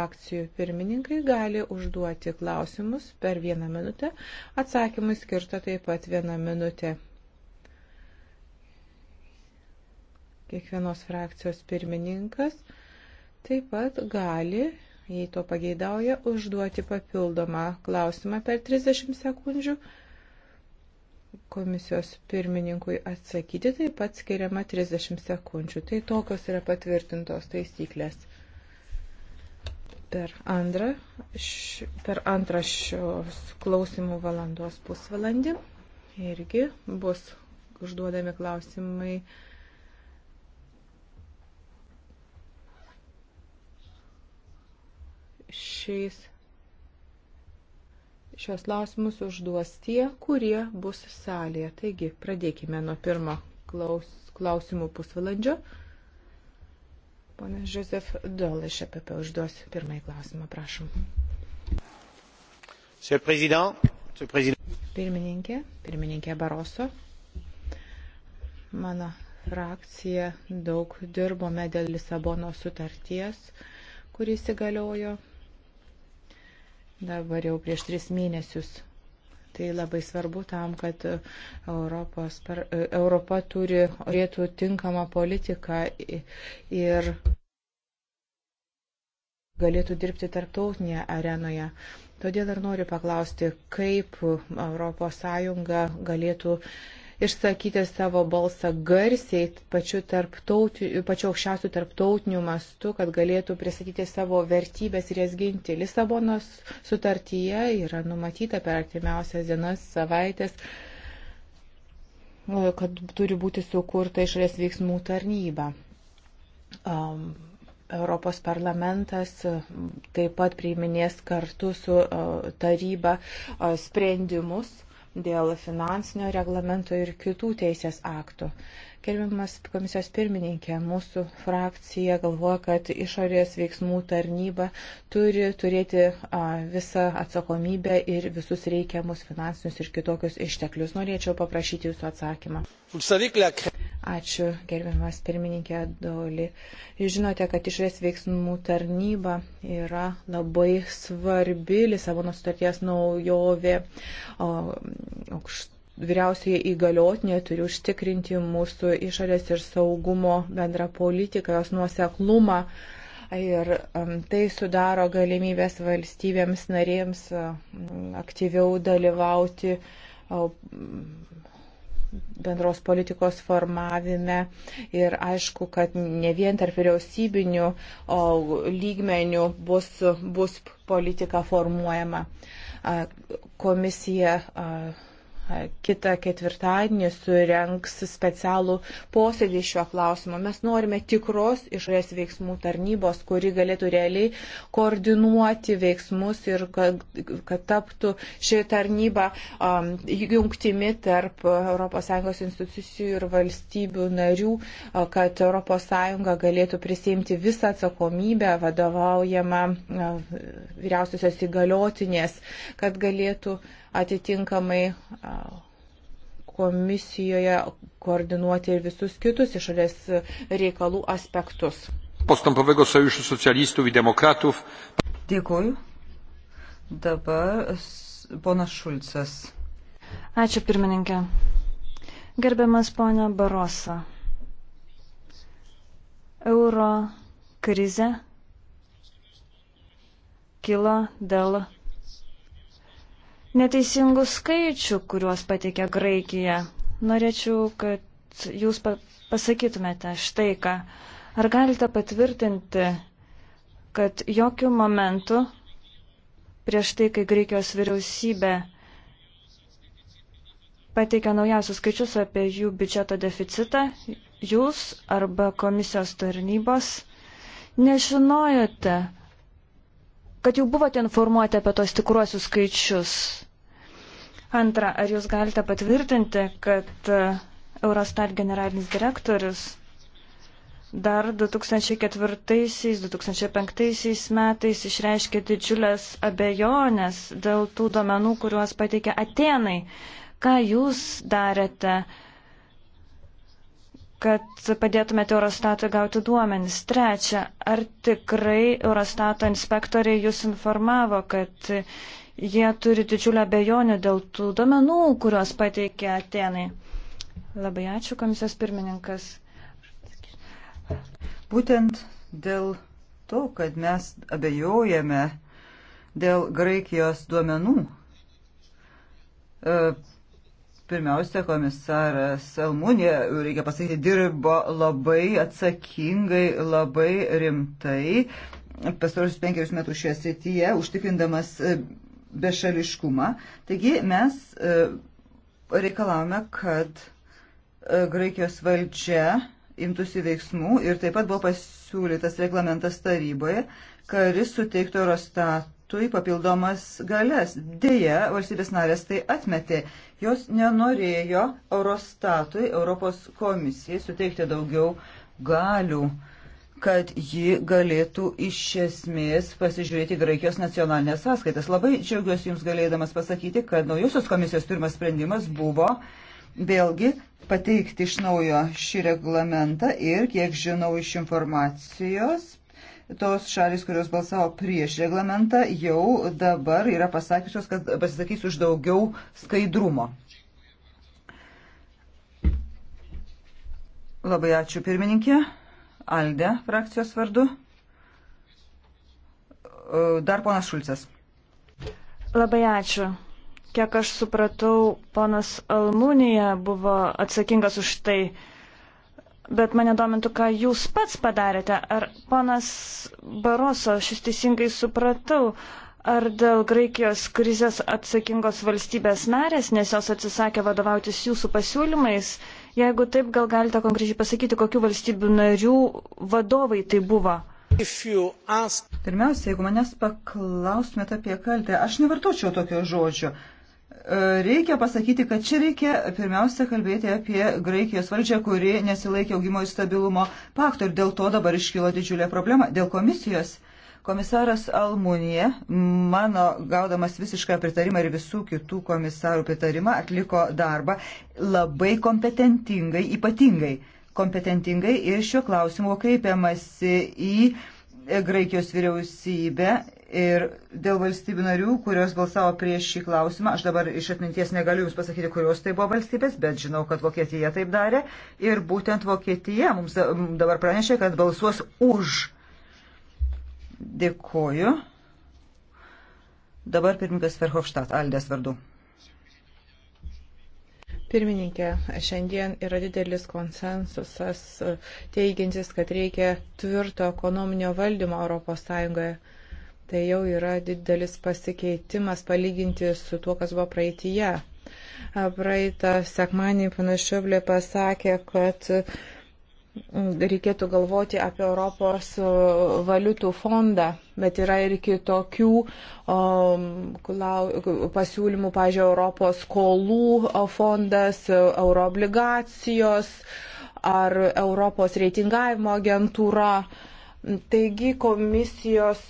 Akcijų pirmininkai gali užduoti klausimus per vieną minutę, atsakymai skirta taip pat vieną minutę. Kiekvienos frakcijos pirmininkas taip pat gali, jei to pageidauja, užduoti papildomą klausimą per 30 sekundžių. Komisijos pirmininkui atsakyti taip pat skiriama 30 sekundžių. Tai tokios yra patvirtintos taisyklės per antrą, š, per antrą šios klausimų valandos pusvalandį. Irgi bus užduodami klausimai. Šiais, šios klausimus užduos tie, kurie bus salėje. Taigi, pradėkime nuo pirmo klaus, klausimų pusvalandžio. Pana Žozef Dol iš APP e užduos pirmąjį klausimą, prašom. Pirmininkė, pirmininkė Baroso, mano frakcija daug dirbome dėl Lisabono sutarties, kuris įgaliojo dabar jau prieš tris mėnesius Tai labai svarbu tam, kad Europos, Europa turi, turėtų tinkamą politiką ir galėtų dirbti tarptautinėje arenoje. Todėl ir noriu paklausti, kaip ES galėtų išsakyti savo balsą garsiai pačiu, pačiu aukščiausiu tarptautiniu mastu, kad galėtų pristatyti savo vertybės ir jas ginti. Lisabonos sutartyje yra numatyta per artimiausias dienas, savaitės kad turi būti sukurta išorės veiksmų tarnyba. Um, Europos parlamentas um, taip pat priiminės kartu su uh, taryba uh, sprendimus dėl finansinio reglamento ir kitų teisės aktų. Gerbiamas komisijos pirmininkė, mūsų frakcija galvoja, kad išorės veiksmų tarnyba turi turėti a, visą atsakomybę ir visus reikiamus finansinius ir kitokius išteklius. Norėčiau paprašyti jūsų atsakymą. Ačiū, gerbiamas pirmininkė Doli. Jūs žinote, kad išrės veiksmų tarnyba yra labai svarbi Lisabono sutarties naujovė. O, aukšt, vyriausioje įgaliotinė turi užtikrinti mūsų išorės ir saugumo bendrą politiką, jos nuoseklumą. Ir um, tai sudaro galimybės valstybėms narėms um, aktyviau dalyvauti bendros politikos formavime ir aišku, kad ne vien tarp vyriausybinių lygmenių bus, bus politika formuojama. Komisija kitą ketvirtadienį surenks specialų posėdį šiuo klausimu. Mes norime tikros išorės veiksmų tarnybos, kuri galėtų realiai koordinuoti veiksmus ir kad, kad taptų ši tarnyba um, jungtimi tarp ES institucijų ir valstybių narių, kad ES galėtų prisimti visą atsakomybę vadovaujamą uh, vyriausiosios įgaliotinės, kad galėtų uh, atitinkamai komisijoje koordinuoti ir visus kitus išorės reikalų aspektus. Postępowego Sojuszu Socjalistów i Demokratów. Dėkuoju. Dabar ponas Šulcas. Ačiū pirmininkė. Gerbiamas ponia Barosa. Euro krize kilo dėl neteisingų skaičių, kuriuos pateikė Graikija. Norėčiau, kad jūs pasakytumėte štai ką. Ar galite patvirtinti, kad jokių momentų prieš tai, kai Graikijos vyriausybė pateikia naujausius skaičius apie jų biudžeto deficitą, jūs arba komisijos tarnybos nežinojote, kad jau buvote informuoti apie tos tikruosius skaičius? Antra, ar jūs galite patvirtinti, kad e, Eurostat generalinis direktorius dar 2004-2005 metais išreiškė didžiulės abejonės dėl tų domenų, kuriuos pateikė Atenai? Ką jūs darėte? kad padėtumėte Eurostatui gauti duomenis. Trečia, ar tikrai Eurostato inspektoriai jūs informavo, kad jie turi didžiulę bejonę dėl tų duomenų, kuriuos pateikė Atenai? Labai ačiū, komisijos pirmininkas. Būtent dėl to, kad mes abejojame dėl Graikijos duomenų, e, Pirmiausia, komisaras Almūnė, reikia pasakyti, dirbo labai atsakingai, labai rimtai pastarosius penkerius metus šioje srityje, užtikrindamas e, bešališkumą. Taigi mes e, reikalavome, kad e, Graikijos valdžia imtųsi veiksmų ir taip pat buvo pasiūlytas reglamentas taryboje, kuris suteiktų Eurostatui papildomas galės. Deja, valstybės narės tai atmetė Jos nenorėjo Eurostatui, Europos komisijai suteikti daugiau galių kad ji galėtų iš esmės pasižiūrėti Graikijos nacionalinės sąskaitas. Labai džiaugiuosi Jums galėdamas pasakyti, kad naujusios komisijos pirmas sprendimas buvo vėlgi pateikti iš naujo šį reglamentą ir, kiek žinau iš informacijos, tos šalis, kurios balsavo prieš reglamentą, jau dabar yra pasakysios, kad pasisakys už daugiau skaidrumo. Labai ačiū pirmininkė. Alde frakcijos vardu. Dar ponas Šulcas. Labai ačiū. Kiek aš supratau, ponas Almūnija buvo atsakingas už tai, bet mane domintų, ką jūs pats padarėte. Ar ponas Baroso, aš jūs teisingai supratau, ar dėl Graikijos krizės atsakingos valstybės narės, nes jos atsisakė vadovautis jūsų pasiūlymais, jeigu taip, gal galite konkrečiai pasakyti, kokiu valstybių narių vadovai tai buvo. Ask... Pirmiausia, jeigu manęs paklaustumėte apie kaltę, aš nevartočiau tokio žodžio. E, reikia pasakyti, kad čia reikia pirmiausia kalbėti apie Graikijos valdžią, kuri nesilaikė augimo ir stabilumo pakto ir dėl to dabar iškilo didžiulė problema. Dėl komisijos komisaras Almunija, mano gaudamas visišką pritarimą ir visų kitų komisarų pritarimą, atliko darbą labai kompetentingai, ypatingai kompetentingai ir šiuo klausimu kreipiamasi į Graikijos vyriausybę Ir dėl valstybių narių, kurios balsavo prieš šį klausimą, aš dabar iš atminties negaliu Jums pasakyti, kurios tai buvo valstybės, bet žinau, kad Vokietija taip darė. Ir būtent Vokietija mums dabar pranešė, kad balsuos už. Dėkoju. Dabar pirmininkas Verhofstadt, Aldės vardu. Pirmininkė, šiandien yra didelis konsensusas e, teigintis, kad reikia tvirto ekonominio valdymo ES. Tai jau yra didelis pasikeitimas palyginti su tuo, kas buvo praeitie. Praeitą sekmanį panašiovlė pasakė, kad reikėtų galvoti apie Europos valiutų fondą, bet yra ir kitokių um, pasiūlymų, pažiūrėjau, Europos skolų fondas, euroobligacijos ar Europos reitingavimo agentūra. Taigi komisijos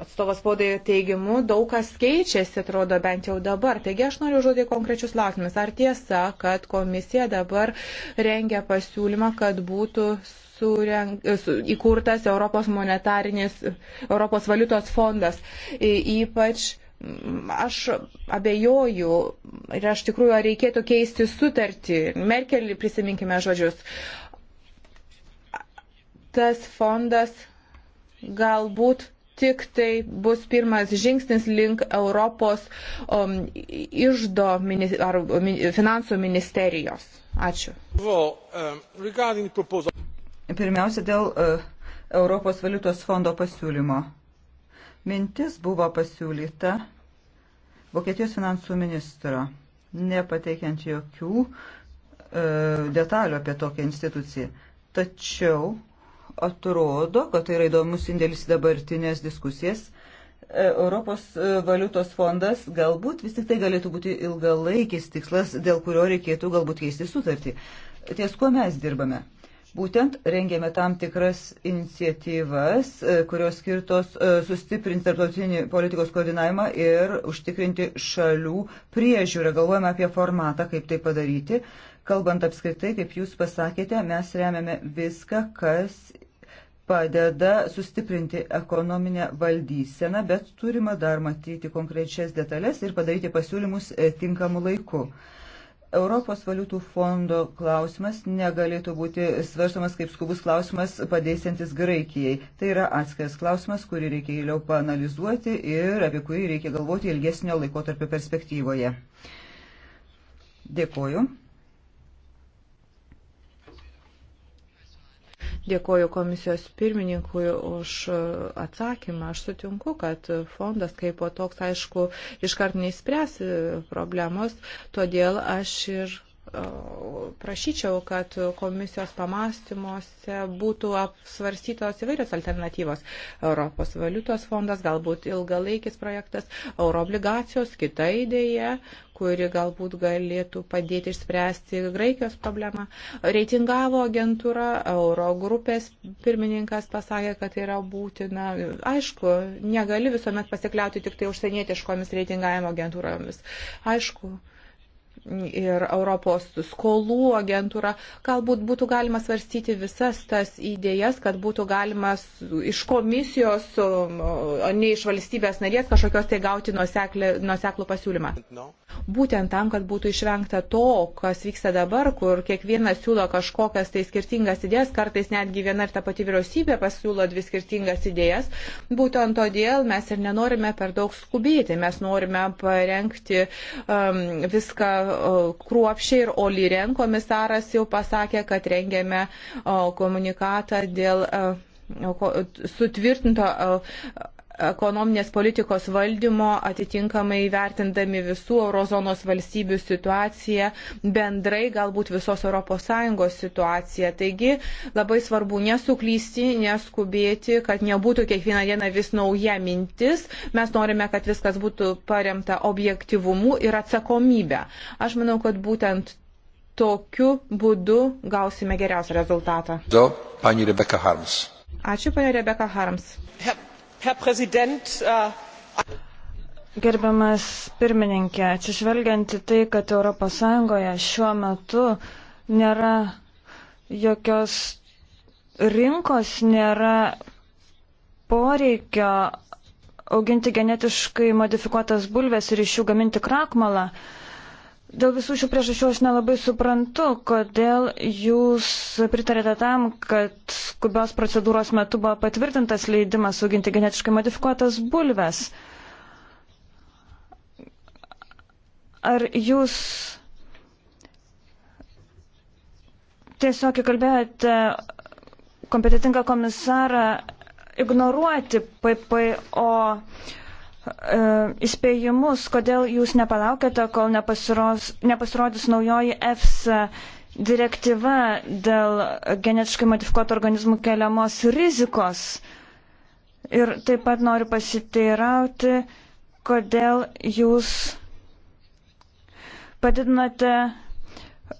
atstovas spaudoje teigimu, daug kas keičiasi, atrodo, bent jau dabar. Taigi aš noriu žodį konkrečius klausimus. Ar tiesa, kad komisija dabar rengia pasiūlymą, kad būtų sureng, su, įkurtas Europos monetarinis, Europos valiutos fondas? Ypač aš abejoju ir aš tikrųjų, ar reikėtų keisti sutartį. Merkelį prisiminkime žodžius. Tas fondas galbūt tik tai bus pirmas žingsnis link Europos um, išdo mini, ar min, finansų ministerijos. Ačiū. Um, Pirmiausia, dėl uh, Europos valiutos fondo pasiūlymo. Mintis buvo pasiūlyta Vokietijos finansų ministro, nepateikiant jokių uh, detalių apie tokią instituciją. Tačiau uh, atrodo, kad tai yra įdomus indėlis į dabartinės diskusijas. E, Europos e, valiutos fondas galbūt vis tik tai galėtų būti ilgalaikis tikslas, dėl kurio reikėtų galbūt keisti sutartį. Ties kuo mes dirbame? Būtent rengėme tam tikras iniciatyvas, e, kurios skirtos sustiprinti tarptautinį politikos koordinavimą ir užtikrinti šalių priežiūrą. Galvojame apie formatą, kaip tai padaryti. Kalbant apskritai, kaip jūs pasakėte, mes remiame viską, kas padeda sustiprinti ekonominę valdyseną, bet turime dar matyti konkrečias detalės ir padaryti pasiūlymus e, tinkamu laiku. Europos valiutų fondo klausimas negalėtų būti svarstomas kaip skubus klausimas padėsiantis Graikijai. Tai yra atskiras klausimas, kurį reikia įliau panalizuoti ir apie kurį reikia galvoti ilgesnio laikotarpio perspektyvoje. Dėkuoju. Dėkoju komisijos pirmininkui už e, atsakymą. Aš sutinku, kad fondas kaip po toks, aišku, iškart neįspręs e, problemos, todėl aš ir prašyčiau, kad komisijos pamastymuose būtų apsvarstytos įvairios alternatyvos. Europos valiutos fondas, galbūt ilgalaikis projektas, euroobligacijos, kita idėja, kuri galbūt galėtų padėti išspręsti Graikijos problemą. Reitingavo agentūra, Eurogrupės pirmininkas pasakė, kad tai yra būtina. Aišku, negali visuomet pasikliauti tik tai užsienietiškomis reitingavimo agentūromis. Aišku, ir Europos skolų agentūra, galbūt būtų galima svarstyti visas tas idėjas, kad būtų galima iš komisijos, o ne iš valstybės narės kažkokios tai gauti nuoseklų pasiūlymą. Būtent tam, kad būtų išvengta to, kas vyksta dabar, kur kiekvienas siūlo kažkokias tai skirtingas idėjas, kartais netgi viena ir ta pati vyriausybė pasiūlo dvi skirtingas idėjas. Būtent todėl mes ir nenorime per daug skubėti, mes norime parengti um, viską kruopšiai ir Oliren komisaras jau pasakė, kad rengėme e, komunikatą dėl e, sutvirtinto e, ekonominės politikos valdymo, atitinkamai vertindami visų eurozonos valstybių situaciją, bendrai galbūt visos ES situaciją. Taigi labai svarbu nesuklysti, neskubėti, kad nebūtų kiekvieną dieną vis nauja mintis. Mes norime, kad viskas būtų paremta objektivumu ir atsakomybė. Aš manau, kad būtent tokiu būdu gausime geriausią rezultatą. Do, pani Rebeka Harms. Ačiū, pani Rebeka Harms. Yep. Äh, Gerbiamas pirmininkė, atsižvelgiant į tai, kad ES šiuo metu nėra jokios rinkos, nėra poreikio auginti genetiškai modifikuotas bulves ir iš jų gaminti krakmalą, Dėl visų šių priežasčių aš nelabai suprantu, kodėl jūs pritarėte tam, kad skubios procedūros metu buvo patvirtintas leidimas auginti genetiškai modifikuotas bulves. Ar jūs tiesiog įkalbėjote kompetitingą komisarą ignoruoti PPO? E, įspėjimus, kodėl jūs nepalaukėte, kol nepasirodys naujoji EFSA direktyva dėl genetiškai modifikuotų organizmų keliamos rizikos. Ir taip pat noriu pasiteirauti, kodėl jūs padidinote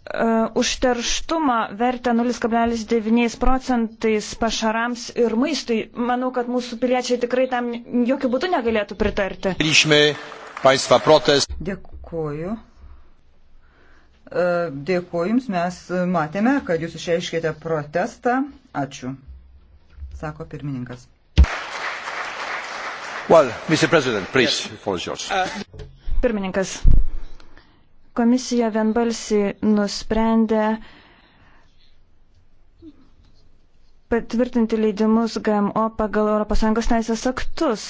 Uh, užterštumą vertę 0,9 procentais pašarams ir maistui. Manau, kad mūsų piliečiai tikrai tam jokių būdų negalėtų pritarti. Dėkuoju. Uh, dėkuoju Jums, mes matėme, kad Jūs išreiškėte protestą. Ačiū, sako pirmininkas. Well, Mr. President, please, yes. follow yours. Uh, pirmininkas, Komisija vienbalsiai nusprendė patvirtinti leidimus GMO pagal ES teisės aktus.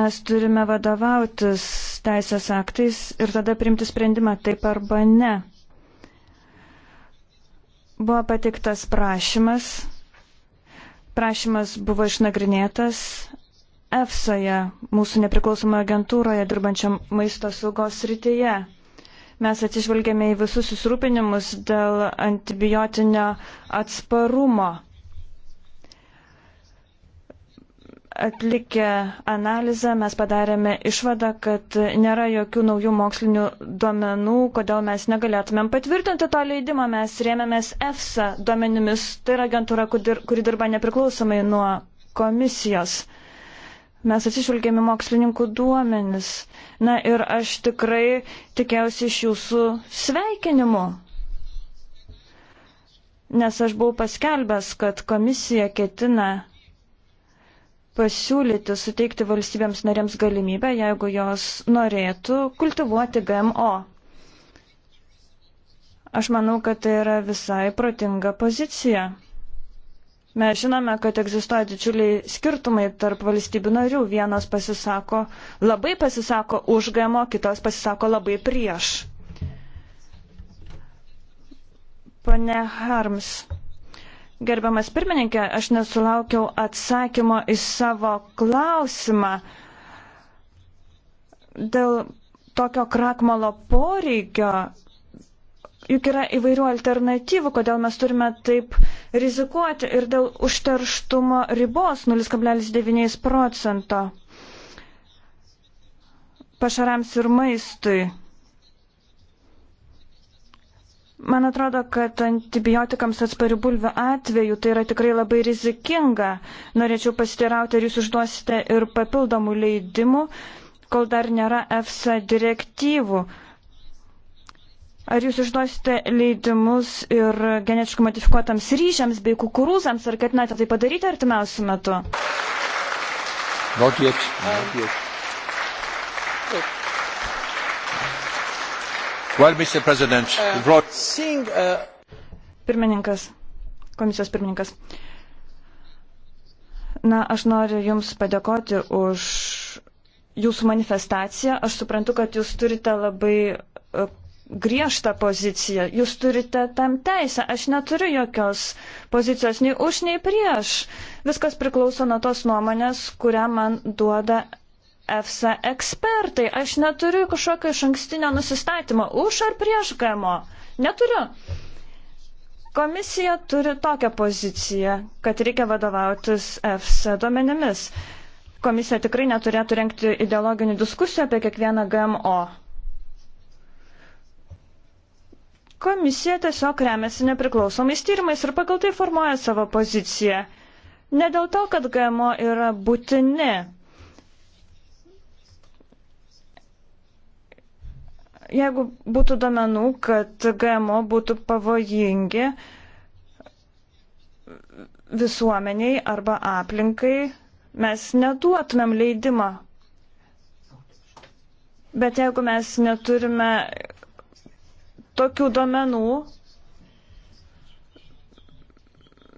Mes turime vadovautis teisės aktais ir tada priimti sprendimą taip arba ne. Buvo patiktas prašymas. Prašymas buvo išnagrinėtas EFSA, mūsų nepriklausomoje agentūroje dirbančiam maisto saugos rytyje. Mes atsižvelgėme į visus susirūpinimus dėl antibiotinio atsparumo. Atlikę analizę mes padarėme išvadą, kad nėra jokių naujų mokslinių duomenų, kodėl mes negalėtumėm patvirtinti to leidimo. Mes rėmėmės EFSA duomenimis, tai yra agentūra, kuri dirba nepriklausomai nuo komisijos. Mes atsižvelgėme mokslininkų duomenis. Na ir aš tikrai tikėjausi iš jūsų sveikinimo. Nes aš buvau paskelbęs, kad komisija ketina pasiūlyti suteikti valstybėms narėms galimybę, jeigu jos norėtų, kultivuoti GMO. Aš manau, kad tai yra visai protinga pozicija. Mes žinome, kad egzistuoja didžiuliai skirtumai tarp valstybių narių. Vienos pasisako, labai pasisako už GMO, kitos pasisako labai prieš. Pane Harms, gerbiamas pirmininkė, aš nesulaukiau atsakymo į savo klausimą dėl tokio krakmalo poreikio Juk yra įvairių alternatyvų, kodėl mes turime taip rizikuoti ir dėl užterštumo ribos 0,9 procento pašarams ir maistui. Man atrodo, kad antibiotikams atsparių bulvių atveju tai yra tikrai labai rizikinga. Norėčiau pasitirauti, ar jūs užduosite ir papildomų leidimų, kol dar nėra EFSA direktyvų. Ar jūs išduosite leidimus ir genetiškai modifikuotams ryžiams bei kukurūzams, ar ketinate tai padaryti artimiausiu metu? Not yet. Not yet. Well, Mr. President, uh, seeing, uh... Pirmininkas, komisijos pirmininkas. Na, aš noriu Jums padėkoti už Jūsų manifestaciją. Aš suprantu, kad Jūs turite labai uh, griežtą poziciją. Jūs turite tam teisę. Aš neturiu jokios pozicijos nei už, nei prieš. Viskas priklauso nuo tos nuomonės, kurią man duoda EFSA ekspertai. Aš neturiu kažkokio iš ankstinio nusistatymo už ar prieš GMO. Neturiu. Komisija turi tokią poziciją, kad reikia vadovautis EFSA duomenimis. Komisija tikrai neturėtų renkti ideologinių diskusijų apie kiekvieną GMO. Komisija tiesiog remiasi nepriklausomais tyrimais ir pagal tai formuoja savo poziciją. Ne dėl to, kad GMO yra būtini. Jeigu būtų domenų, kad GMO būtų pavojingi visuomeniai arba aplinkai, mes neduotumėm leidimą. Bet jeigu mes neturime tokių duomenų,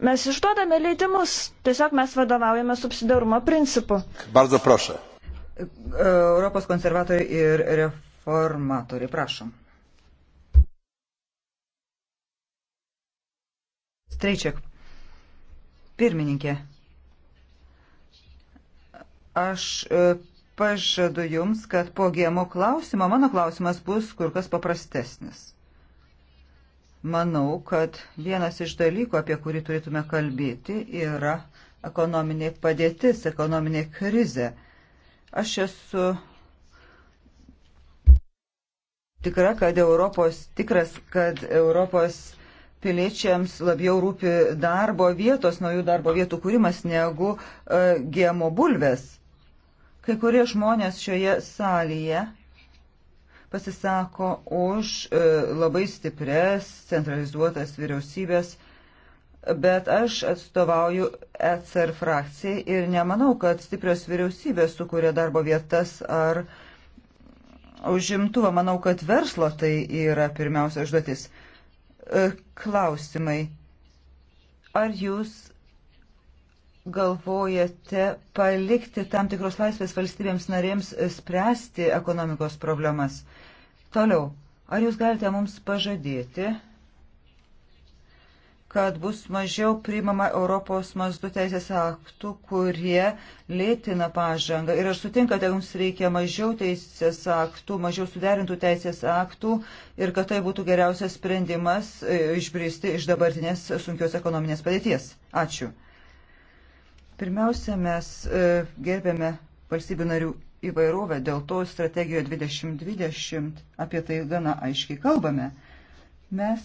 mes išduodame leidimus, tiesiog mes vadovaujame subsidarumo principu. Bardzo proszę. Europos konservatoriai ir reformatoriai, prašom. Streičiak. Pirmininkė. Aš e, pažadu Jums, kad po gėmo klausimo mano klausimas bus kur kas paprastesnis manau, kad vienas iš dalykų, apie kurį turėtume kalbėti, yra ekonominė padėtis, ekonominė krize. Aš esu tikra, kad Europos, tikras, kad Europos piliečiams labiau rūpi darbo vietos, naujų darbo vietų kūrimas negu uh, gėmo bulves. Kai kurie žmonės šioje salėje pasisako už e, labai stipres centralizuotas vyriausybės bet aš atstovauju ECR frakcijai ir nemanau, kad stiprios vyriausybės sukuria darbo vietas ar užimtuvą. Manau, kad verslo tai yra pirmiausia užduotis. E, klausimai. Ar jūs galvojate palikti tam tikros laisvės valstybėms narėms e, spręsti ekonomikos problemas? Toliau, ar jūs galite mums pažadėti, kad bus mažiau priimama Europos mazdų teisės aktų, kurie lėtina pažangą? Ir ar sutinkate, jums reikia mažiau teisės aktų, mažiau suderintų teisės aktų ir kad tai būtų geriausias sprendimas e, išbristi iš dabartinės sunkios ekonominės padėties? Ačiū. Pirmiausia, mes e, gerbėme valstybių narių įvairovę, dėl to strategijoje 2020 apie tai gana aiškiai kalbame. Mes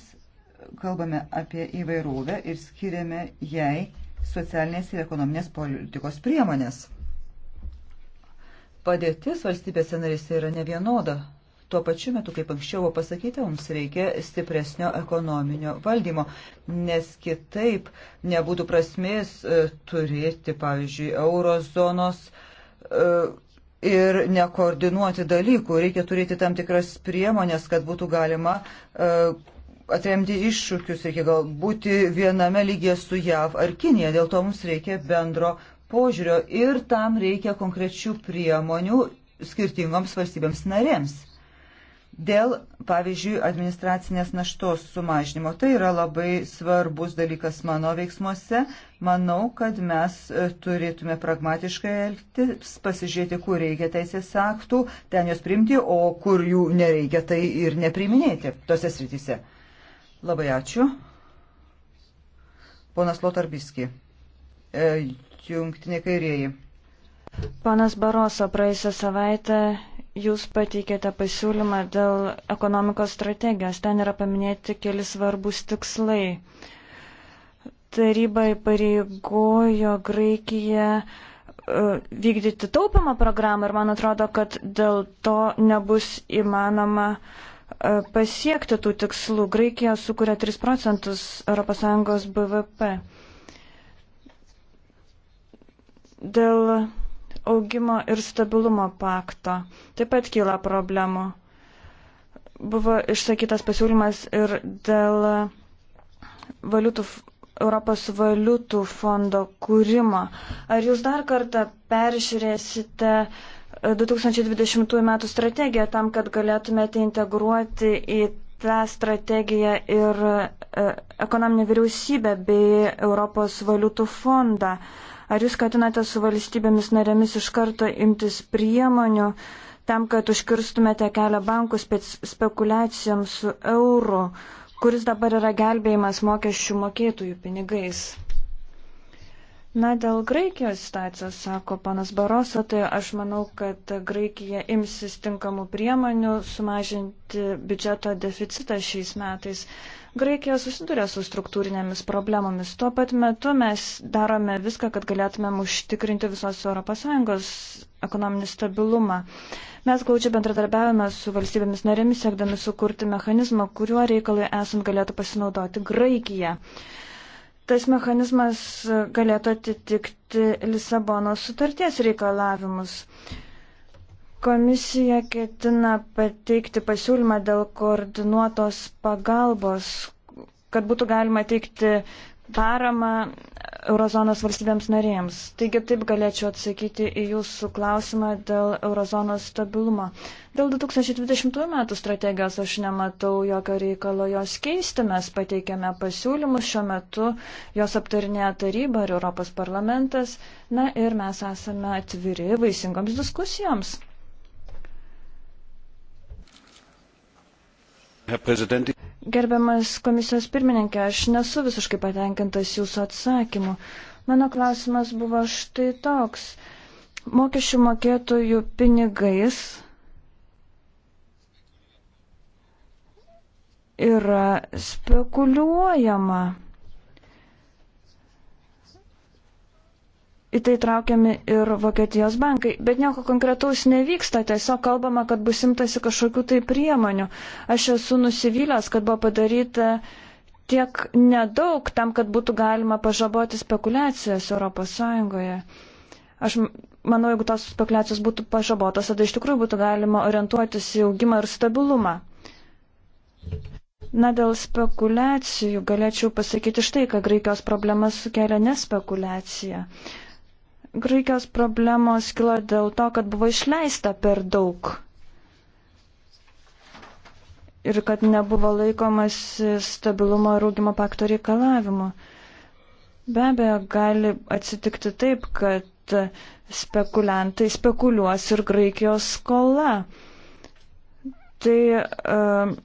kalbame apie įvairovę ir skiriame jai socialinės ir ekonominės politikos priemonės. Padėtis valstybėse narėse yra nevienoda. Tuo pačiu metu, kaip anksčiau buvo pasakyta, mums reikia stipresnio ekonominio valdymo, nes kitaip nebūtų prasmės e, turėti, pavyzdžiui, eurozonos e, ir nekoordinuoti dalykų. Reikia turėti tam tikras priemonės, kad būtų galima e, atremti iššūkius, reikia gal būti viename lygyje su JAV ar Kinija, dėl to mums reikia bendro požiūrio ir tam reikia konkrečių priemonių skirtingoms valstybėms narėms dėl, pavyzdžiui, administracinės naštos sumažinimo. Tai yra labai svarbus dalykas mano veiksmuose. Manau, kad mes e, turėtume pragmatiškai elgtis, pasižiūrėti, kur reikia teisės aktų, ten jos primti, o kur jų nereikia, tai ir nepriminėti tose srityse. Labai ačiū. Ponas Lotarbiski, e, jungtiniai kairieji. Ponas Baroso praėjusią savaitę Jūs pateikėte pasiūlymą dėl ekonomikos strategijos. Ten yra paminėti keli svarbus tikslai. Taryba įpareigojo Graikiją e, vykdyti taupimo programą ir man atrodo, kad dėl to nebus įmanoma e, pasiekti tų tikslų. Graikija sukuria 3 procentus ES BVP. Dėl augimo ir stabilumo pakto. Taip pat kyla problemų. Buvo išsakytas pasiūlymas ir dėl valiutų, Europos valiutų fondo kūrimo. Ar jūs dar kartą peržiūrėsite 2020 e, m. strategiją tam, kad galėtumėte integruoti į tą strategiją ir e, ekonominę vyriausybę bei Europos valiutų fondą? Ar jūs skatinate su valstybėmis narėmis iš karto imtis priemonių tam, kad užkirstumėte kelią bankų spekulacijoms su euru, kuris dabar yra gelbėjimas mokesčių mokėtojų pinigais? Na, dėl Graikijos situacijos, sako panas Baroso, tai aš manau, kad Graikija imsis tinkamų priemonių sumažinti biudžeto deficitą šiais metais. Graikija susiduria su struktūrinėmis problemomis. Tuo pat metu mes darome viską, kad galėtumėm užtikrinti visos ES ekonominį stabilumą. Mes glaučiai bendradarbiavame su valstybėmis narėmis, siekdami sukurti mechanizmą, kuriuo reikalai esant galėtų pasinaudoti Graikija. Tas mechanizmas galėtų atitikti Lisabono sutarties reikalavimus. Komisija ketina pateikti pasiūlymą dėl koordinuotos pagalbos, kad būtų galima teikti paramą Eurozonos valstybėms narėms. Taigi taip galėčiau atsakyti į jūsų klausimą dėl Eurozonos stabilumo. Dėl 2020 metų strategijos aš nematau jokio reikalo jos keisti. Mes pateikėme pasiūlymus, šiuo metu jos aptarinėja taryba ir Europos parlamentas. Na ir mes esame atviri vaisingoms diskusijoms. Gerbiamas komisijos pirmininkė, aš nesu visiškai patenkintas jūsų atsakymu. Mano klausimas buvo štai toks. Mokesčių mokėtojų pinigais yra spekuliuojama. į tai traukiami ir Vokietijos bankai. Bet nieko konkretaus nevyksta, tiesiog kalbama, kad bus imtasi kažkokių tai priemonių. Aš esu nusivylęs, kad buvo padaryta tiek nedaug tam, kad būtų galima pažaboti spekulacijas ES. Aš manau, jeigu tos spekulacijos būtų pažabotos, tada iš tikrųjų būtų galima orientuotis į augimą ir stabilumą. Na, dėl spekulacijų galėčiau pasakyti štai, kad Graikijos problemas sukelia ne spekulacija. Uh, Graikijos problemos kilo dėl to, kad buvo išleista per daug ir kad nebuvo laikomas stabilumo ir augimo pakto reikalavimo. Be abejo, gali atsitikti taip, kad spekuliantai spekuliuos ir Graikijos skola. Tai uh,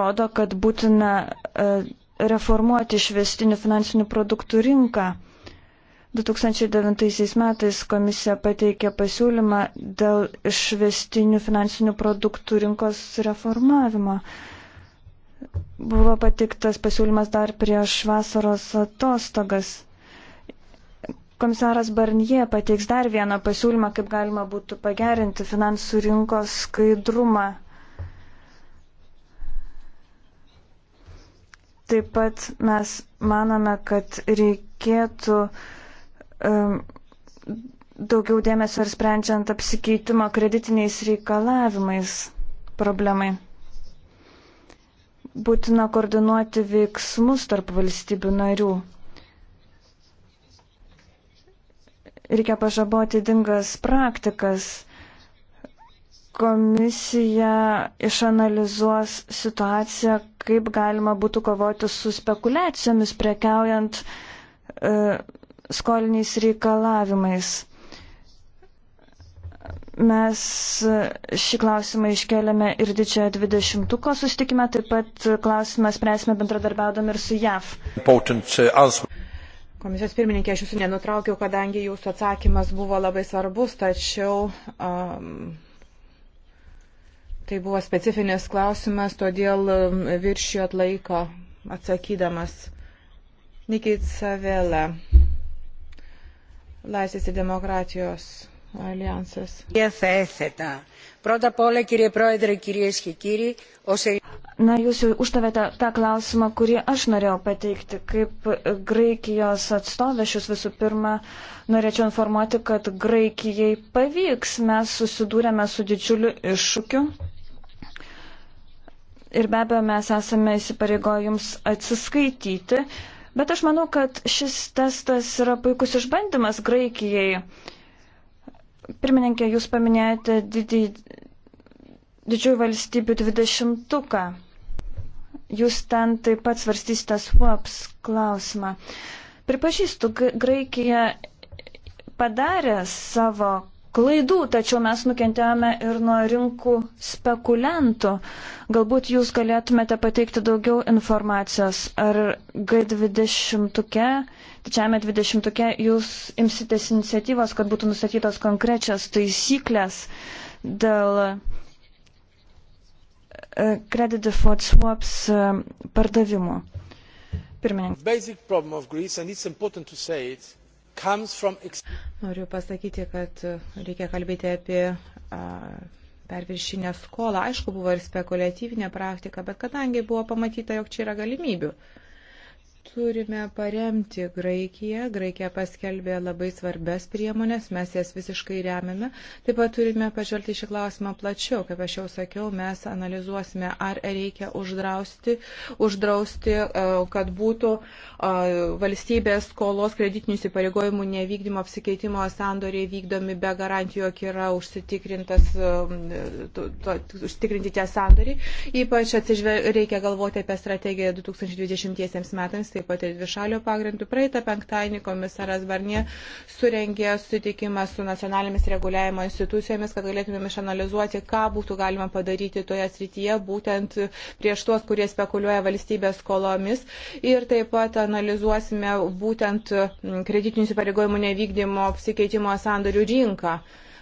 rodo, kad būtina uh, reformuoti išvestinių finansinių produktų rinką. Uh, 2009 metais komisija pateikė pasiūlymą dėl išvestinių finansinių produktų rinkos reformavimo. Buvo pateiktas pasiūlymas dar prieš vasaros atostogas. Komisaras Barnie pateiks dar vieną pasiūlymą, kaip galima būtų pagerinti finansų rinkos skaidrumą. Taip pat mes manome, kad reikėtų uh, daugiau dėmesio ir sprendžiant apsikeitimo kreditiniais reikalavimais problemai. Būtina koordinuoti veiksmus tarp valstybių narių. Reikia pažaboti dingas praktikas. Komisija išanalizuos situaciją, kaip galima būtų kovoti su spekulacijomis prekiaujant e, skoliniais reikalavimais. Mes šį klausimą iškeliame ir didžiojo 20-ko sustikime, taip pat klausimą spręsime bendradarbiaudami ir su JAV. Uh, Komisijos pirmininkė, aš jūsų nenutraukiau, kadangi jūsų atsakymas buvo labai svarbus, tačiau um, tai buvo specifinis klausimas, todėl um, viršijot laiko atsakydamas. Nikit Savela. Laisvės ir demokratijos alijansas. Na, jūs jau užtavėte tą klausimą, kurį aš norėjau pateikti. Kaip Graikijos atstovė, aš jūs visų pirma norėčiau informuoti, kad Graikijai pavyks. Mes susidūrėme su didžiuliu iššūkiu. Ir be abejo, mes esame įsipareigoję jums atsiskaityti. Uh, Bet aš manau, kad šis testas yra puikus išbandymas Graikijai. Pirmininkė, jūs paminėjote didį, didžiųjų valstybių dvidešimtuką. Jūs ten taip pat svarstysite SWAPS klausimą. Pripažįstu, Graikija padarė savo klaidų, tačiau mes nukentėjome ir nuo rinkų spekuliantų. Galbūt jūs galėtumėte pateikti daugiau informacijos, ar G20, didžiame 20 jūs imsitės iniciatyvos, kad būtų nustatytos konkrečias taisyklės dėl e, credit default swaps e, pardavimų. Pirmininkas. From... Noriu pasakyti, kad reikia kalbėti apie a, perviršinę skolą. Aišku, buvo ir spekuliatyvinė praktika, bet kadangi buvo pamatyta, jog čia yra galimybių. A, turime paremti Graikiją. Graikija paskelbė labai svarbės priemonės, mes jas visiškai remiame. Taip pat turime pažvelgti šį klausimą plačiau. Kaip aš jau sakiau, mes analizuosime, ar reikia uždrausti, uždrausti e, kad būtų e, valstybės skolos kreditinių įsipareigojimų nevykdymo apsikeitimo sandoriai vykdomi be garantijų, jog yra užsitikrintas, to, e, to, užsitikrinti tie sandoriai. Ypač atsižvel, reikia galvoti apie strategiją 2020 metams taip pat ir dvišalių pagrindų. Praeitą penktadienį komisaras Barnie surengė sutikimą su nacionalinėmis reguliavimo institucijomis, kad galėtumėm išanalizuoti, ką būtų galima padaryti toje srityje, būtent prieš tuos, kurie spekuliuoja valstybės skolomis. Ir taip pat analizuosime būtent kreditinių įsipareigojimų nevykdymo apsikeitimo sandorių rinką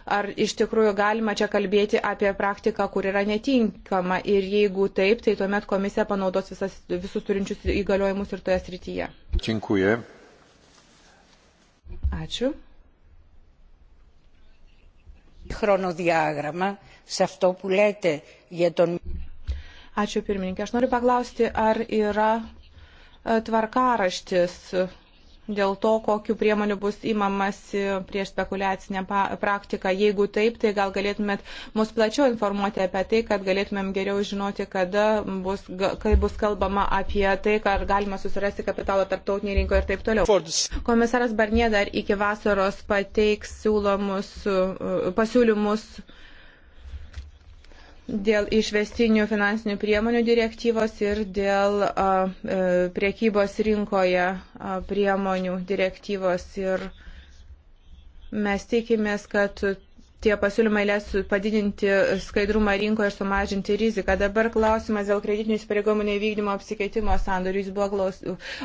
ar iš tikrųjų galima čia kalbėti apie praktiką, kur yra netinkama ir jeigu taip, tai tuomet komisija panaudos visas, visus turinčius įgaliojimus ir toje srityje. Dziękuję. Ačiū. Chronodiagramą, se αυτό που λέτε για τον. Ačiū pirmininkė. Aš noriu paklausti, ar yra e, tvarkaraštis dėl to, kokiu priemoniu bus įmamasi prieš spekulacinę praktiką. Jeigu taip, tai gal galėtumėt mus plačiau informuoti apie tai, kad galėtumėm geriau žinoti, kada bus, kai bus kalbama apie tai, ar galima susirasti kapitalą tarptautinėje rinkoje ir taip toliau. Fordus. Komisaras Barnė dar iki vasaros pateiks siūlomus pasiūlymus dėl išvestinių finansinių priemonių direktyvos ir dėl a, a, e, priekybos rinkoje a, priemonių direktyvos. Ir mes tikimės, kad tie pasiūlymai leis padidinti skaidrumą rinkoje ir sumažinti riziką. Dabar klausimas dėl kreditinių įsipareigomų nevykdymo apsikeitimo sandorių. Jis buvo klaus,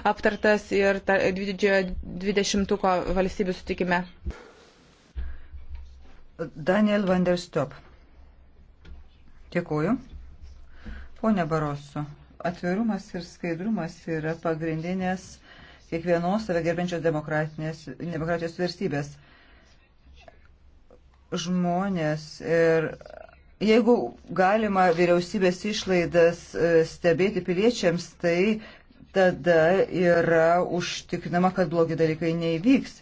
aptartas ir ta, didžiojo dvidešimtuko valstybių sutikime. Daniel Vanderstop. Dėkuoju. Pone Barosu, atvirumas ir skaidrumas yra pagrindinės kiekvienos save gerbiančios demokratijos vertybės. Žmonės ir jeigu galima vyriausybės išlaidas e, stebėti piliečiams, tai tada yra užtikrinama, kad blogi dalykai neįvyks.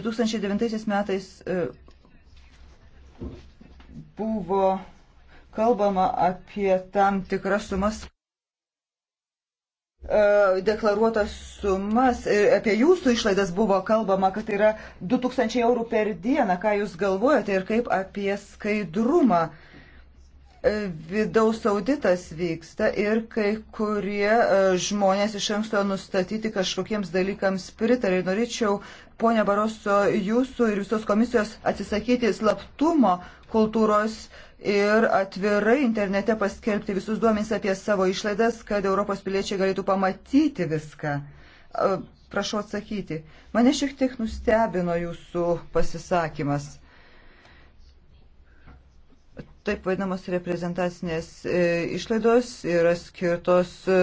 2009 metais e, buvo kalbama apie tam tikras sumas e, deklaruotas sumas ir apie jūsų išlaidas buvo kalbama, kad tai yra 2000 eurų per dieną. Ką jūs galvojate ir kaip apie skaidrumą? E, vidaus auditas vyksta ir kai kurie e, žmonės iš anksto nustatyti kažkokiems dalykams pritarė. Norėčiau Pone Baroso, jūsų ir visos komisijos atsisakyti slaptumo kultūros ir atvirai internete paskelbti visus duomenys apie savo išlaidas, kad Europos piliečiai galėtų pamatyti viską. Prašau atsakyti. Mane šiek tiek nustebino jūsų pasisakymas taip vadinamos reprezentacinės e, išlaidos yra skirtos e,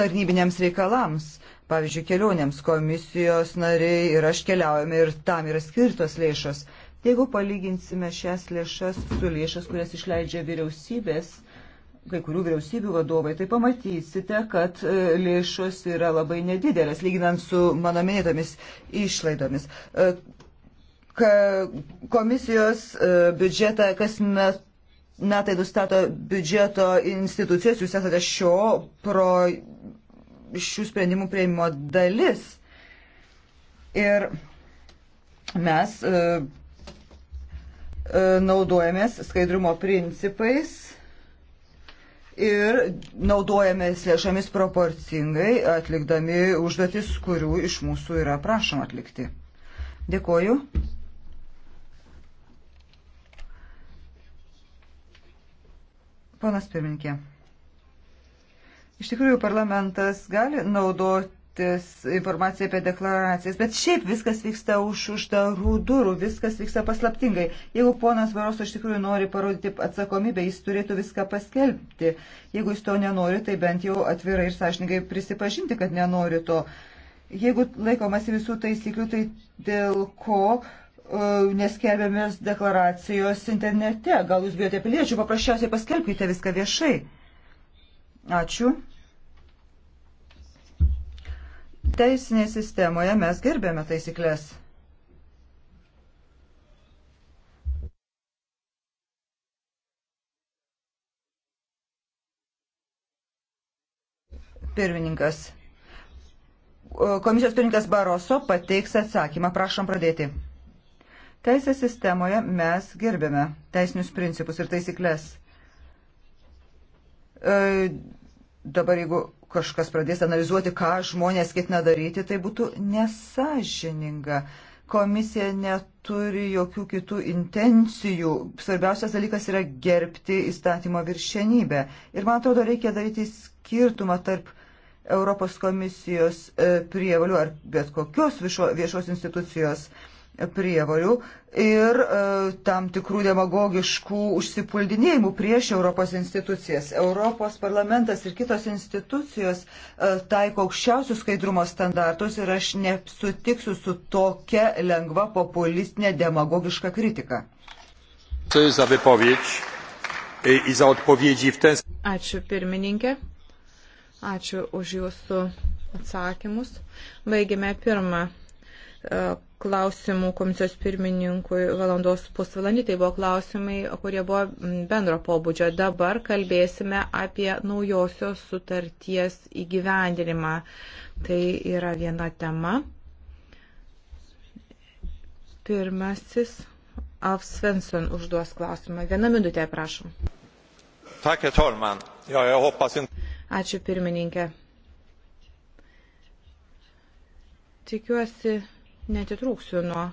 tarnybiniams reikalams. Pavyzdžiui, kelionėms komisijos nariai ir aš keliaujame ir tam yra skirtos lėšos. Jeigu palyginsime šias lėšas su lėšas, kurias išleidžia vyriausybės, kai kurių vyriausybių vadovai, tai pamatysite, kad e, lėšos yra labai nedidelės, lyginant su mano minėtomis išlaidomis. E, komisijos e, biudžetą kas met, metai nustato biudžeto institucijos, jūs esate šio pro šių sprendimų prieimimo dalis. Ir mes e, e, naudojamės skaidrumo principais ir naudojamės lėšomis proporcingai, atlikdami užduotis, kurių iš mūsų yra prašoma atlikti. Dėkoju. Ponas pirmininkė. Iš tikrųjų, parlamentas gali naudotis informaciją apie deklaracijas, bet šiaip viskas vyksta už uždarų durų, viskas vyksta paslaptingai. Jeigu ponas Varoso iš tikrųjų nori parodyti atsakomybę, jis turėtų viską paskelbti. Jeigu jis to nenori, tai bent jau atvirai ir sąžininkai prisipažinti, kad nenori to jeigu laikomasi visų taisyklių, tai dėl ko uh, neskelbiamės deklaracijos internete? Gal jūs bijote piliečių, paprasčiausiai paskelbkite viską viešai. Ačiū. Teisinėje sistemoje mes gerbėme taisyklės. Pirmininkas. Komisijos pirmininkas Baroso pateiks atsakymą. Prašom pradėti. Teisės sistemoje mes gerbėme teisinius principus ir taisyklės. E, dabar jeigu kažkas pradės analizuoti, ką žmonės ketina daryti, tai būtų nesažininga. Komisija neturi jokių kitų intencijų. Svarbiausias dalykas yra gerbti įstatymo viršenybę. Ir man atrodo, reikia daryti skirtumą tarp Europos komisijos e, prievalių ar bet kokios viešos institucijos uh, prievalių ir e, tam tikrų demagogiškų užsipuldinėjimų prieš Europos institucijas. Europos parlamentas ir kitos institucijos e, taiko aukščiausius skaidrumo standartus ir aš nesutiksiu su tokia lengva populistinė demagogiška kritika. E, Ačiū pirmininkė. Ačiū už jūsų atsakymus. Baigėme pirmą. E, klausimų komisijos pirmininkui valandos pusvalandį. Tai buvo klausimai, kurie buvo bendro pobūdžio. Dabar kalbėsime apie naujosios sutarties įgyvendinimą. Tai yra viena tema. Pirmasis. Alf Svensson užduos klausimą. Vieną minutę, prašom. Herr talman. Ja, jag hoppas inte... Ačiū pirmininkė. Tikiuosi, netitrūksiu nuo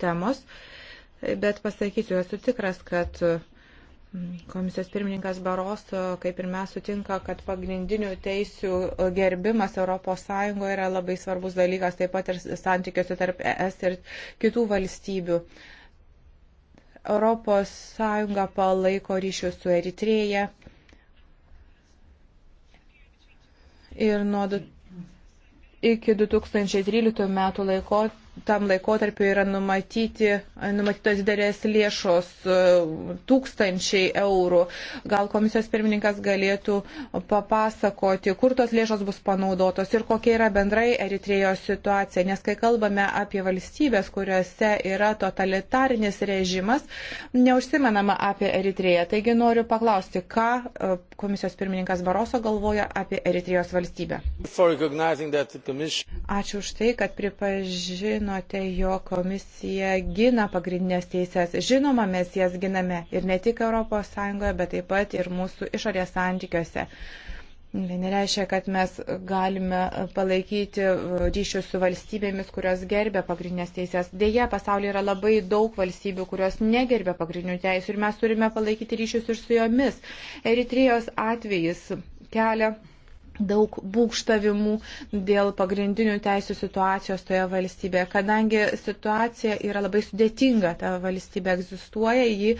temos, bet pasakysiu, esu tikras, kad Komisijos pirmininkas Baroso, kaip ir mes, sutinka, kad pagrindinių teisių gerbimas ES yra labai svarbus dalykas, taip pat ir santykiuose tarp ES ir kitų valstybių. ES palaiko ryšius su Eritrėje. Ir nuo iki 2013 metų laiko tam laikotarpiu yra numatyti, numatytos didelės lėšos e, tūkstančiai eurų. Gal komisijos pirmininkas galėtų papasakoti, kur tos lėšos bus panaudotos ir kokia yra bendrai Eritrėjos situacija. Nes kai kalbame apie valstybės, kuriuose yra totalitarinis režimas, neužsimenama apie Eritrėją. Taigi noriu paklausti, ką e, komisijos pirmininkas Baroso galvoja apie Eritrėjos valstybę. Ačiū už tai, kad pripažino žinote, jo komisija gina pagrindinės teisės. Žinoma, mes jas giname ir ne tik ES, bet taip pat ir mūsų išorės santykiuose. Tai nereiškia, kad mes galime palaikyti ryšius su valstybėmis, kurios gerbė pagrindinės teisės. Deja, pasaulyje yra labai daug valstybių, kurios negerbė pagrindinių teisų ir mes turime palaikyti ryšius ir su jomis. Eritrijos atvejis kelia daug būkštavimų dėl pagrindinių teisų situacijos toje valstybėje, kadangi situacija yra labai sudėtinga, ta valstybė egzistuoja, ji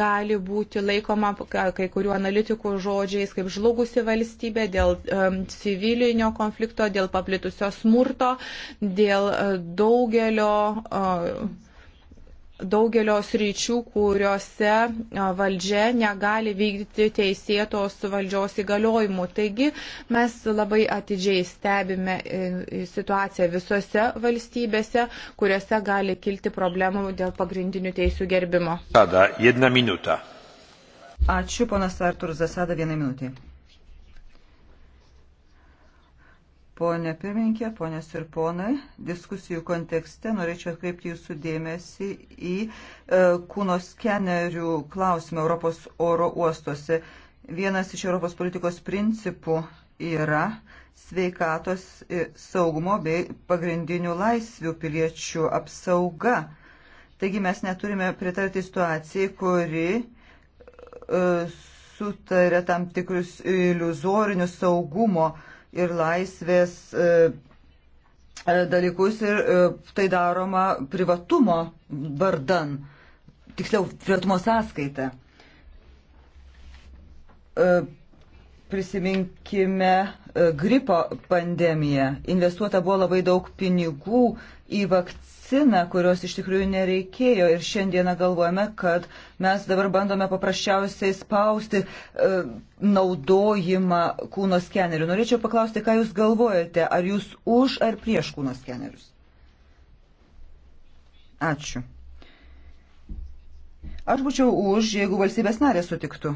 gali būti laikoma kai kurių analitikų žodžiais kaip žlugusi valstybė dėl um, civilinio konflikto, dėl paplitusio smurto, dėl uh, daugelio uh, daugelio sričių, kuriuose valdžia negali vykdyti teisėtos valdžios įgaliojimų. Taigi mes labai atidžiai stebime e, situaciją visose valstybėse, kuriuose gali kilti problemų dėl pagrindinių teisų gerbimo. Tada, Ačiū, ponas Arturas Zasada, vieną minutę. Pone pirmininkė, ponės ir ponai, diskusijų kontekste norėčiau atkreipti jūsų dėmesį į e, kūno skenerių klausimą Europos oro uostuose. Vienas iš Europos politikos principų yra sveikatos saugumo bei pagrindinių laisvių piliečių apsauga. Taigi mes neturime pritarti situacijai, kuri e, sutarė tam tikrus iliuzorinius saugumo e, ir laisvės e, e, dalykus ir e, tai daroma privatumo vardan, tiksliau, privatumo sąskaita. Prisiminkime gripo pandemiją. Investuota buvo labai daug pinigų į vakciną vakciną, kurios iš tikrųjų nereikėjo. Ir šiandieną galvojame, kad mes dabar bandome paprasčiausiai spausti e, naudojimą kūno skenerių. Norėčiau paklausti, ką Jūs galvojate, ar Jūs už ar prieš kūno skenerius? Ačiū. Aš būčiau už, jeigu valstybės narė sutiktų.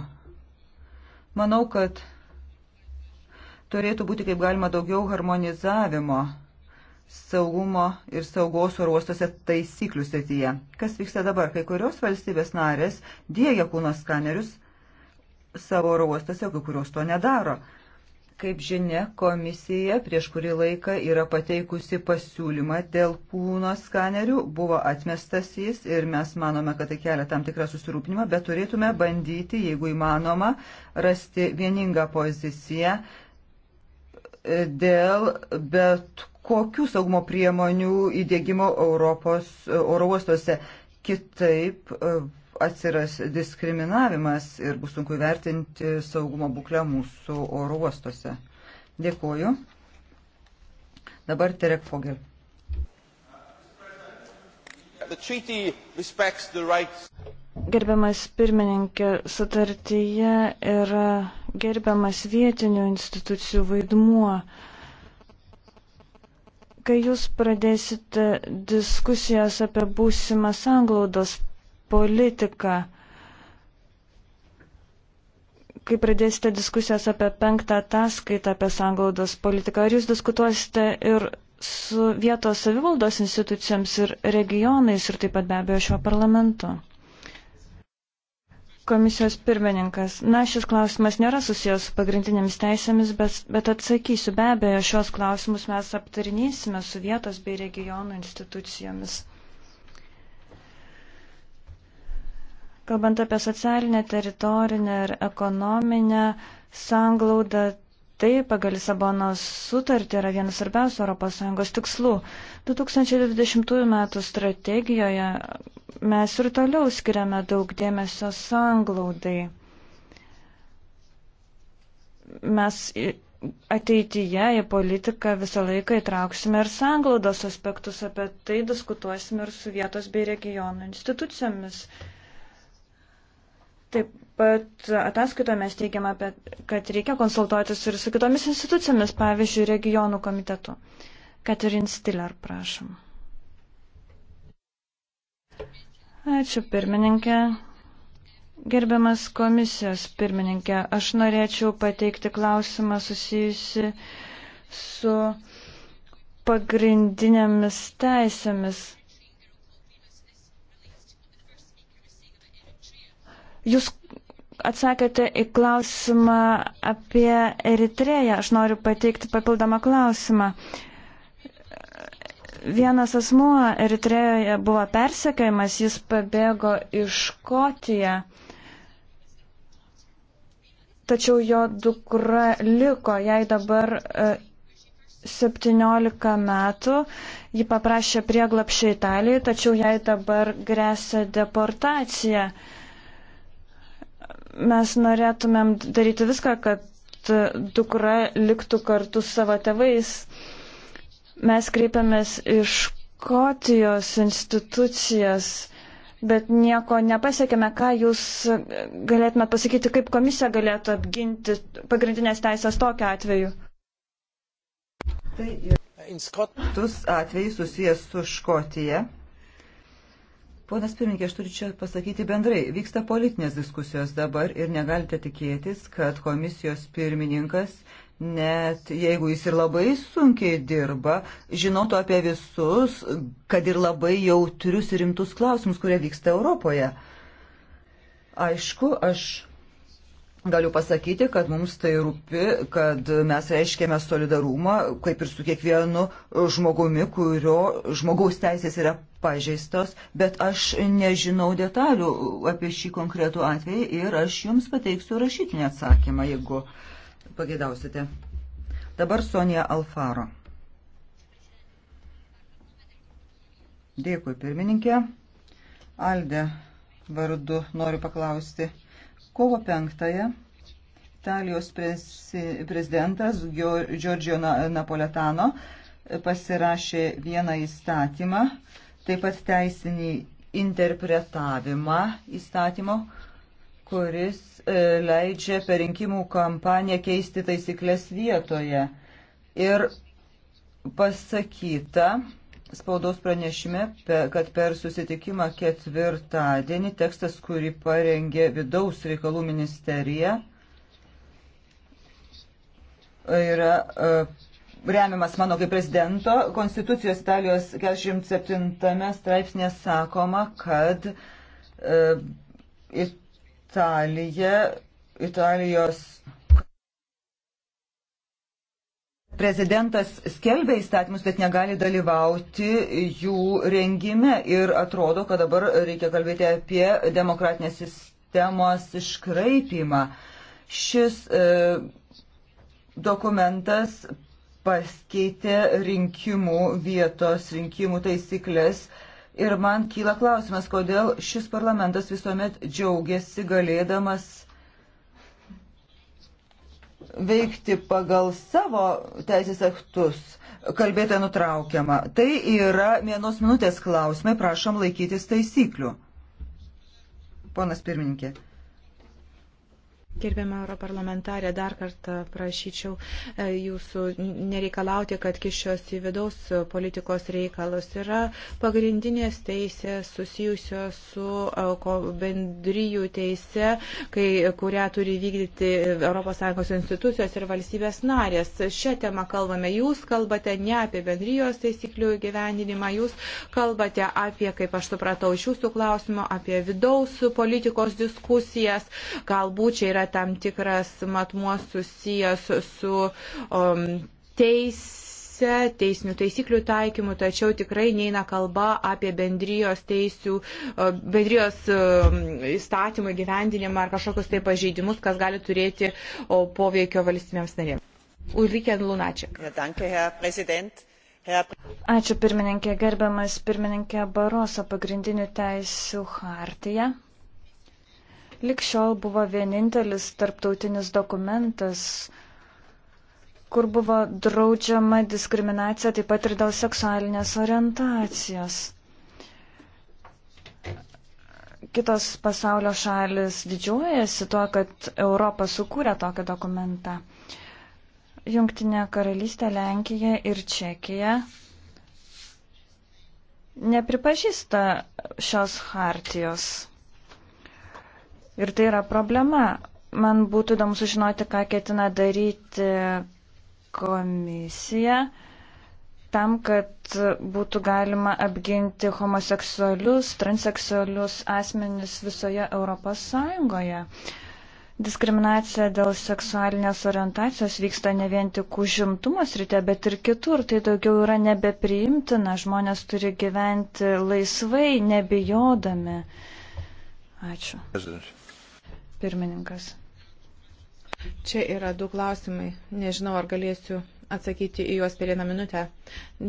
Manau, kad turėtų būti kaip galima daugiau harmonizavimo saugumo ir saugos oro uostuose taisyklių srityje. Kas vyksta dabar? Kai kurios valstybės narės dėgia kūno skanerius savo oro uostuose, kai kurios to nedaro. Kaip žinia, komisija prieš kurį laiką yra pateikusi pasiūlymą dėl kūno skanerių, buvo atmestas jis ir mes manome, kad tai kelia tam tikrą susirūpinimą, bet turėtume bandyti, jeigu įmanoma, rasti vieningą poziciją e, dėl bet kokių saugumo priemonių įdėgymo Europos e, oro uostuose. Kitaip e, atsiras diskriminavimas ir bus sunku įvertinti saugumo būklę mūsų oro uostuose. Dėkuoju. Dabar Terek Fogel. Gerbiamas pirmininkė, sutartyje yra gerbiamas vietinių institucijų vaidmuo. Uh, kai jūs pradėsite diskusijas apie būsimą sanglaudos politiką, kai pradėsite diskusijas apie penktą ataskaitą apie sanglaudos politiką, ar jūs diskutuosite ir su vietos savivaldos institucijoms ir regionais ir taip pat be abejo šio parlamentu? Komisijos pirmininkas. Na, šis klausimas nėra susijęs su pagrindinėmis teisėmis, bet, bet atsakysiu. Be abejo, šios klausimus mes aptarinėsime su vietos bei regionų institucijomis. Kalbant apie socialinę, teritorinę ir ekonominę sanglaudą, Tai pagal Lisabonos sutartį yra vienas svarbiausių ES tikslų. 2020 m. strategijoje mes ir toliau skiriame daug dėmesio sanglaudai. Mes ateityje į politiką visą laiką įtrauksime ir sanglaudos aspektus, apie tai diskutuosime ir su vietos bei regionų institucijomis. Taip, pat ataskaitoje mes teigiame, kad reikia konsultuotis ir su kitomis institucijomis, pavyzdžiui, regionų komitetu. Katerin Stiller, prašom. Ačiū, pirmininkė. Gerbiamas komisijos pirmininkė, aš norėčiau pateikti klausimą susijusi su pagrindinėmis teisėmis. Jūs atsakėte į klausimą apie Eritreją. Aš noriu pateikti papildomą klausimą. Vienas asmuo Eritrejoje buvo persekiojamas, jis pabėgo iš Škotiją, tačiau jo dukra liko, jai dabar 17 e, metų, ji paprašė prieglapšį Italijai, tačiau jai dabar grėsia deportacija. Uh, Mes norėtumėm daryti viską, kad dukra liktų kartu su savo tėvais. Mes kreipiamės iš Škotijos institucijas, bet nieko nepasiekėme. Ką jūs galėtumėt pasakyti, kaip komisija galėtų apginti pagrindinės teisės tokiu atveju? Tai yra atvejai susijęs su Škotija. Ponas pirmininkė, aš turiu čia pasakyti bendrai, vyksta politinės diskusijos dabar ir negalite tikėtis, kad komisijos pirmininkas, net jeigu jis ir labai sunkiai dirba, žinotų apie visus, kad ir labai jautrius ir rimtus klausimus, kurie vyksta Europoje. Aišku, aš Galiu pasakyti, kad mums tai rūpi, kad mes reiškėme solidarumą, kaip ir su kiekvienu žmogumi, kurio žmogaus teisės yra pažeistos, bet aš nežinau detalių apie šį konkretų atvejį ir aš jums pateiksiu rašytinį atsakymą, jeigu pagėdausite. Dabar Sonija Alfaro. Dėkui, pirmininkė. Alde vardu noriu paklausti Kovo penktąją Italijos prezidentas Giorgio Napoletano pasirašė vieną įstatymą, taip pat teisinį interpretavimą įstatymo, kuris e, leidžia per rinkimų kampaniją keisti taisyklės vietoje. Ir pasakyta, spaudos pranešime, kad per susitikimą ketvirtadienį tekstas, kurį parengė vidaus reikalų ministerija, yra e, remiamas mano kaip prezidento. Konstitucijos Italijos 47 straipsnė sakoma, kad e, Italija, Italijos prezidentas skelbia įstatymus, bet negali dalyvauti jų rengime. Ir atrodo, kad dabar reikia kalbėti apie demokratinės sistemos iškraipimą. Šis e, dokumentas paskeitė rinkimų vietos, rinkimų taisyklės. Ir man kyla klausimas, kodėl šis parlamentas visuomet džiaugiasi galėdamas veikti pagal savo teisės aktus, kalbėtoja nutraukiama. Tai yra vienos minutės klausimai, prašom laikytis taisyklių. Ponas pirmininkė. Gerbiamą europarlamentarę, dar kartą prašyčiau e, jūsų nereikalauti, kad kišios į vidaus politikos reikalus. Yra pagrindinės teisės susijusios su e, bendryjų teise, kai, kurią turi vykdyti ES institucijos ir valstybės narės. Šią temą kalbame. Jūs kalbate ne apie bendrijos taisyklių gyvendinimą, jūs kalbate apie, kaip aš supratau iš jūsų klausimo, apie vidaus politikos diskusijas. Galbūt čia yra tam tikras matmuos susijęs su um, teise teisinių taisyklių taikymų, tačiau tikrai neina kalba apie bendrijos teisių, uh, bendrijos um, įstatymų gyvendinimą ar kažkokius tai pažeidimus, kas gali turėti poveikio valstybėms narėms. Ulrike Lunačiak. Ačiū pirmininkė, gerbiamas pirmininkė Baroso pagrindinių teisių hartija likščiol buvo vienintelis tarptautinis dokumentas, kur buvo draudžiama diskriminacija taip pat ir dėl seksualinės orientacijos. Kitos pasaulio šalis didžiuojasi tuo, kad Europa sukūrė tokį dokumentą. Jungtinė karalystė, Lenkija ir Čekija nepripažįsta šios hartijos. Ir tai yra problema. Man būtų įdomu sužinoti, ką ketina daryti komisija tam, kad būtų galima apginti homoseksualius, transseksualius asmenis visoje Europos Sąjungoje. Diskriminacija dėl seksualinės orientacijos vyksta ne vien tik užimtumo srityje, bet ir kitur. Tai daugiau yra nebepriimtina. Žmonės turi gyventi laisvai, nebijodami. Ačiū. President. Pirmininkas. Čia yra du klausimai. Nežinau, ar galėsiu atsakyti į juos per vieną minutę.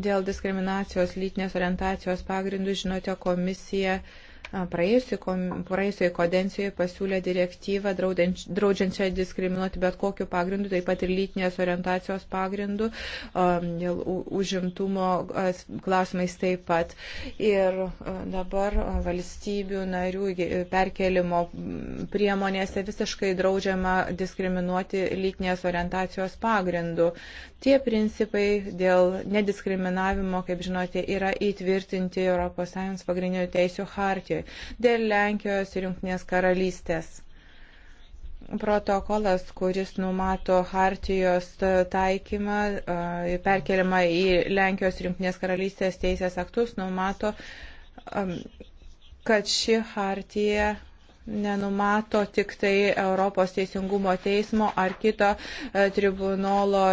Dėl diskriminacijos lytinės orientacijos pagrindų, žinote, komisija uh, praėjusioje kodencijoje pasiūlė direktyvą draudžiančią diskriminuoti bet kokiu pagrindu, taip pat ir lytinės orientacijos pagrindu, dėl užimtumo klausimais taip pat. Ir dabar valstybių narių perkelimo priemonėse visiškai draudžiama diskriminuoti lytinės orientacijos pagrindu. Tie principai dėl nediskriminavimo, kaip žinote, yra įtvirtinti ES pagrindinių teisų hartijoje dėl Lenkijos ir Junktinės karalystės protokolas, kuris numato Hartijos taikymą, perkeliamą į Lenkijos rinktinės karalystės teisės aktus, numato, kad ši Hartija nenumato tik tai Europos teisingumo teismo ar kito e, tribunolo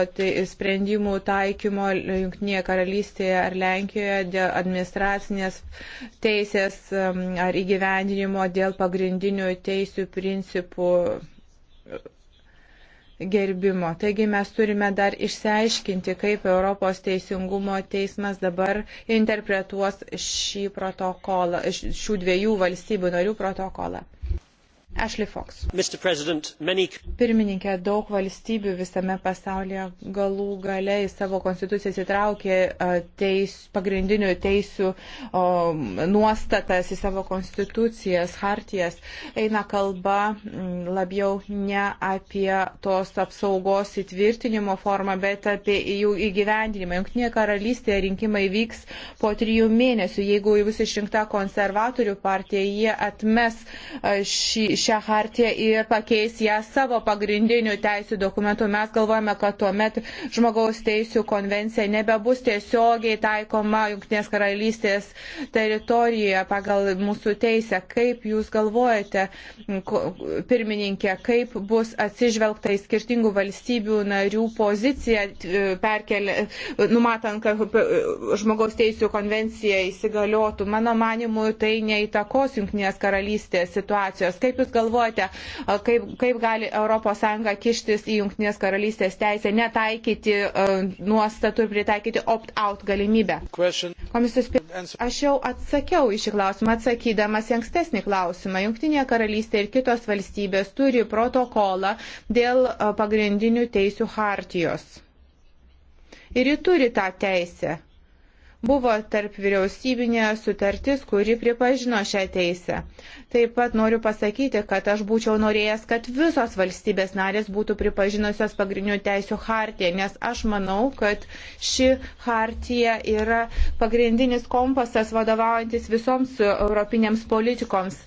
sprendimų taikymo Junktinėje karalystėje ar Lenkijoje dėl administracinės teisės ar įgyvendinimo dėl pagrindinių teisių principų e, gerbimo. Taigi mes turime dar išsiaiškinti, kaip Europos teisingumo teismas dabar interpretuos šį protokolą, šių dviejų valstybių narių protokolą. Ashley Fox. Many... Pirmininkė, daug valstybių visame pasaulyje galų gale į savo konstitucijas įtraukė teis, pagrindinių teisių o, nuostatas į savo konstitucijas, hartijas. Eina kalba labiau ne apie tos apsaugos įtvirtinimo formą, bet apie jų įgyvendinimą. Junktinėje karalystėje rinkimai vyks po trijų mėnesių. Jeigu bus išrinkta konservatorių partija, jie atmes šį šią hartiją ir pakeis ją savo pagrindinių teisų dokumentų. Mes galvojame, kad tuomet žmogaus teisų konvencija nebebus tiesiogiai taikoma Junktinės karalystės teritorijoje pagal mūsų teisę. Kaip Jūs galvojate, pirmininkė, kaip bus atsižvelgta į skirtingų valstybių narių poziciją, e, perkelė, numatant, kad e, žmogaus teisų konvencija įsigaliotų? Mano manimu, tai neįtakos Junktinės karalystės situacijos. Kaip Jūs galvojate, kaip, kaip gali ES kištis į Junktinės karalystės teisę, netaikyti nuostatų ir pritaikyti opt-out galimybę? Komisijos pirmininkas, aš jau atsakiau į šį klausimą, atsakydamas į ankstesnį klausimą. Junktinė karalystė ir kitos valstybės turi protokolą dėl pagrindinių teisių hartijos. Ir ji turi tą teisę Buvo tarp vyriausybinė sutartis, kuri pripažino šią teisę. Taip pat noriu pasakyti, kad aš būčiau norėjęs, kad visos valstybės narės būtų pripažinusios pagrindinių teisų hartiją, nes aš manau, kad ši hartija yra pagrindinis kompasas vadovaujantis visoms europinėms politikoms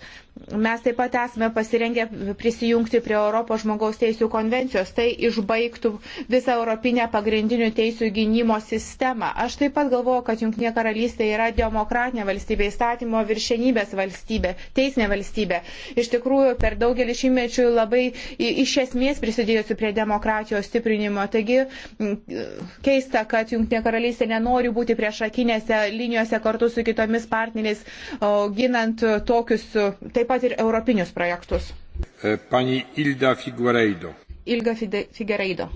Mes taip pat esame pasirengę prisijungti prie Europos žmogaus teisų konvencijos. Tai išbaigtų visą europinę pagrindinių teisų gynimo sistemą. Aš taip pat galvoju, kad Junktinė karalystė yra demokratinė valstybė, įstatymo viršenybės valstybė, teisinė valstybė. Iš tikrųjų, per daugelį šimmečių labai iš esmės prisidėjusi prie demokratijos stiprinimo. Taigi keista, kad Junktinė karalystė nenori būti priešakinėse linijose kartu su kitomis partneriais, ginant tokius taip taip pat ir europinius projektus. E, pani Ilda Figueiredo. Ilga Figueiredo.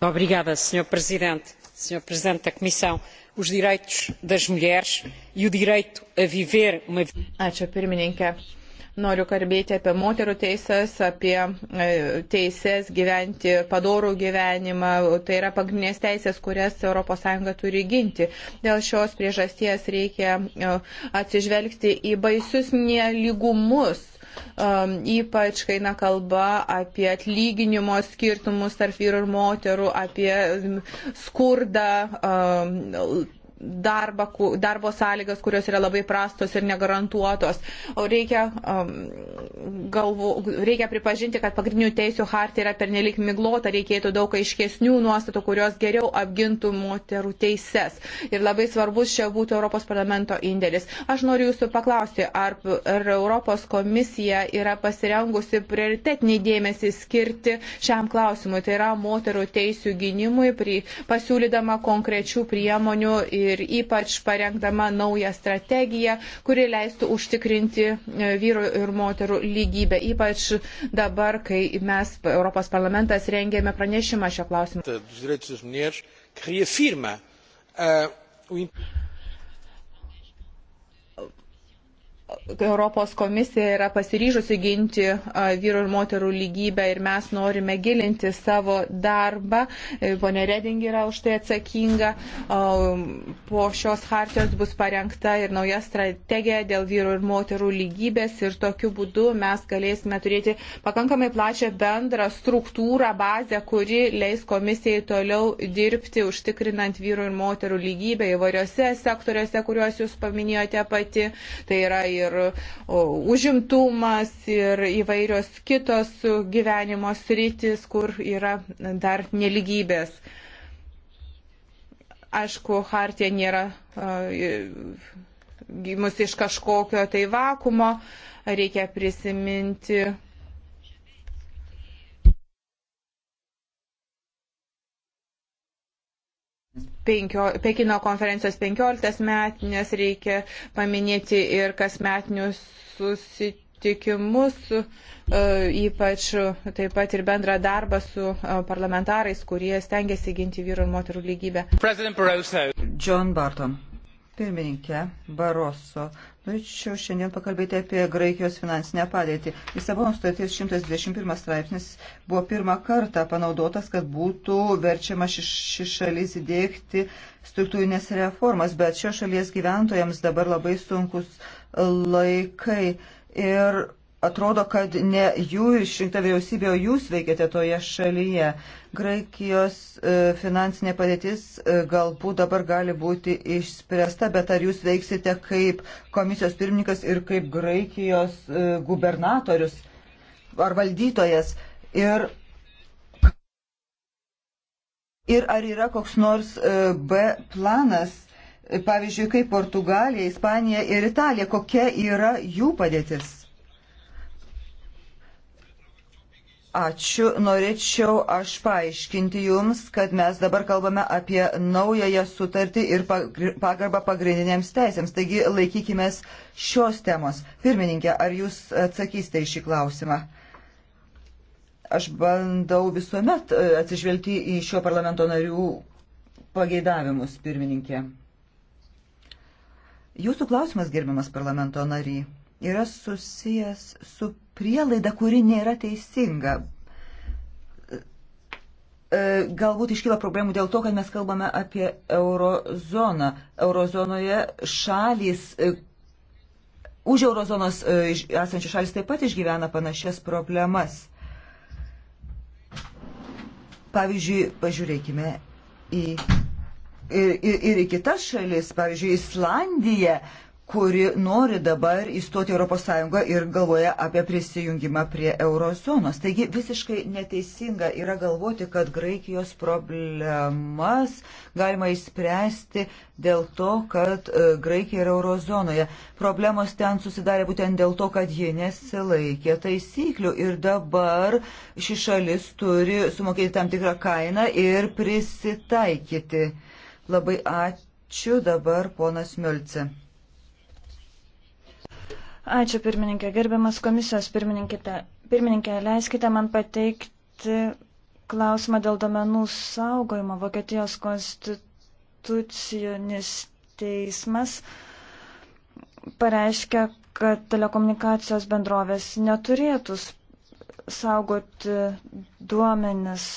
Obrigada, Sr. Presidente. Sr. Presidente da Comissão, os direitos das mulheres e o direito a viver uma vida. Ačiū, pirmininkė Noriu kalbėti apie moterų teises, apie e, teises gyventi padorų gyvenimą. Tai yra pagrindinės teisės, kurias ES turi ginti. Dėl šios priežasties reikia e, atsižvelgti į baisius neligumus um, e, ypač kai eina kalba apie atlyginimo skirtumus tarp vyrų ir moterų, apie skurdą, um, darbą, darbo sąlygas, kurios yra labai prastos ir negarantuotos. O reikia, um, galvo, reikia pripažinti, kad pagrindinių teisų hartė yra pernelik miglota, reikėtų daug aiškesnių nuostatų, kurios geriau apgintų moterų teises. Ir labai svarbus čia būtų Europos parlamento indėlis. Aš noriu jūsų paklausti, ar, ar Europos komisija yra pasirengusi prioritetinį dėmesį skirti šiam klausimui, tai yra moterų teisų gynimui, pri, pasiūlydama konkrečių priemonių. Ir ir ypač parengdama naują strategiją, kuri leistų užtikrinti vyru ir moterų lygybę, ypač dabar, kai mes, Europos parlamentas, rengėme pranešimą šio klausimu. Europos komisija yra pasiryžusi ginti vyrų ir moterų lygybę ir mes norime gilinti savo darbą. E, Pone Reding yra už tai atsakinga. Po šios hartijos bus parengta ir nauja strategija dėl vyrų ir moterų lygybės ir tokiu būdu mes galėsime turėti pakankamai plačią bendrą struktūrą, bazę, kuri leis komisijai toliau dirbti, užtikrinant vyrų ir moterų lygybę įvairiose sektoriuose, kuriuos jūs paminėjote pati. Tai yra ir ir užimtumas, ir įvairios kitos gyvenimo sritis, kur yra dar neligybės. Aišku, Hartija nėra gimusi iš kažkokio tai vakumo, reikia prisiminti penkio, Pekino konferencijos 15 metinės reikia paminėti ir kasmetinius susitikimus, e, ypač taip pat ir bendrą darbą su e, parlamentarais, kurie stengiasi ginti vyrų ir moterų lygybę. John Barton. Pirmininkė Baroso, norėčiau šiandien pakalbėti apie Graikijos finansinę padėtį. Lisabono sutarties 121 straipsnis buvo pirmą kartą panaudotas, kad būtų verčiama ši, ši šalis įdėkti struktūrinės reformas, bet šios šalies gyventojams dabar labai sunkus laikai. Ir atrodo, kad ne jų išrinkta vyriausybė, o jūs veikiate toje šalyje. Graikijos e, finansinė padėtis e, galbūt dabar gali būti išspręsta, bet ar jūs veiksite kaip komisijos pirmininkas ir kaip Graikijos e, gubernatorius ar valdytojas? Ir, ir ar yra koks nors B planas, pavyzdžiui, kaip Portugalija, Ispanija ir Italija, kokia yra jų padėtis? Ačiū. Norėčiau aš paaiškinti Jums, kad mes dabar kalbame apie naująją sutartį ir pagarbą pagrindinėms teisėms. Taigi laikykime šios temos. Pirmininkė, ar Jūs atsakysite į šį klausimą? Aš bandau visuomet e, atsižvelgti į šio parlamento narių pageidavimus, pirmininkė. Jūsų klausimas, gerbiamas parlamento nary, yra susijęs su prielaida, kuri nėra teisinga. E, galbūt iškyla problemų dėl to, kad mes kalbame apie eurozoną. Eurozonoje šalys, e, už eurozonos e, esančių šalis taip pat išgyvena panašias problemas. Pavyzdžiui, pažiūrėkime į, ir, ir, ir į kitas šalis, pavyzdžiui, Islandiją, kuri nori dabar įstoti Europos Sąjungą ir galvoja apie prisijungimą prie eurozonos. Taigi visiškai neteisinga yra galvoti, kad Graikijos problemas galima išspręsti dėl to, kad e, Graikija yra eurozonoje. Problemos ten susidarė būtent dėl to, kad ji nesilaikė taisyklių ir dabar ši šalis turi sumokėti tam tikrą kainą ir prisitaikyti. Labai ačiū dabar ponas Miulce. Ačiū pirmininkė. Gerbiamas komisijos pirmininkė, leiskite man pateikti klausimą dėl domenų saugojimo. Vokietijos konstitucijonis teismas pareiškia, kad telekomunikacijos bendrovės neturėtų saugoti duomenis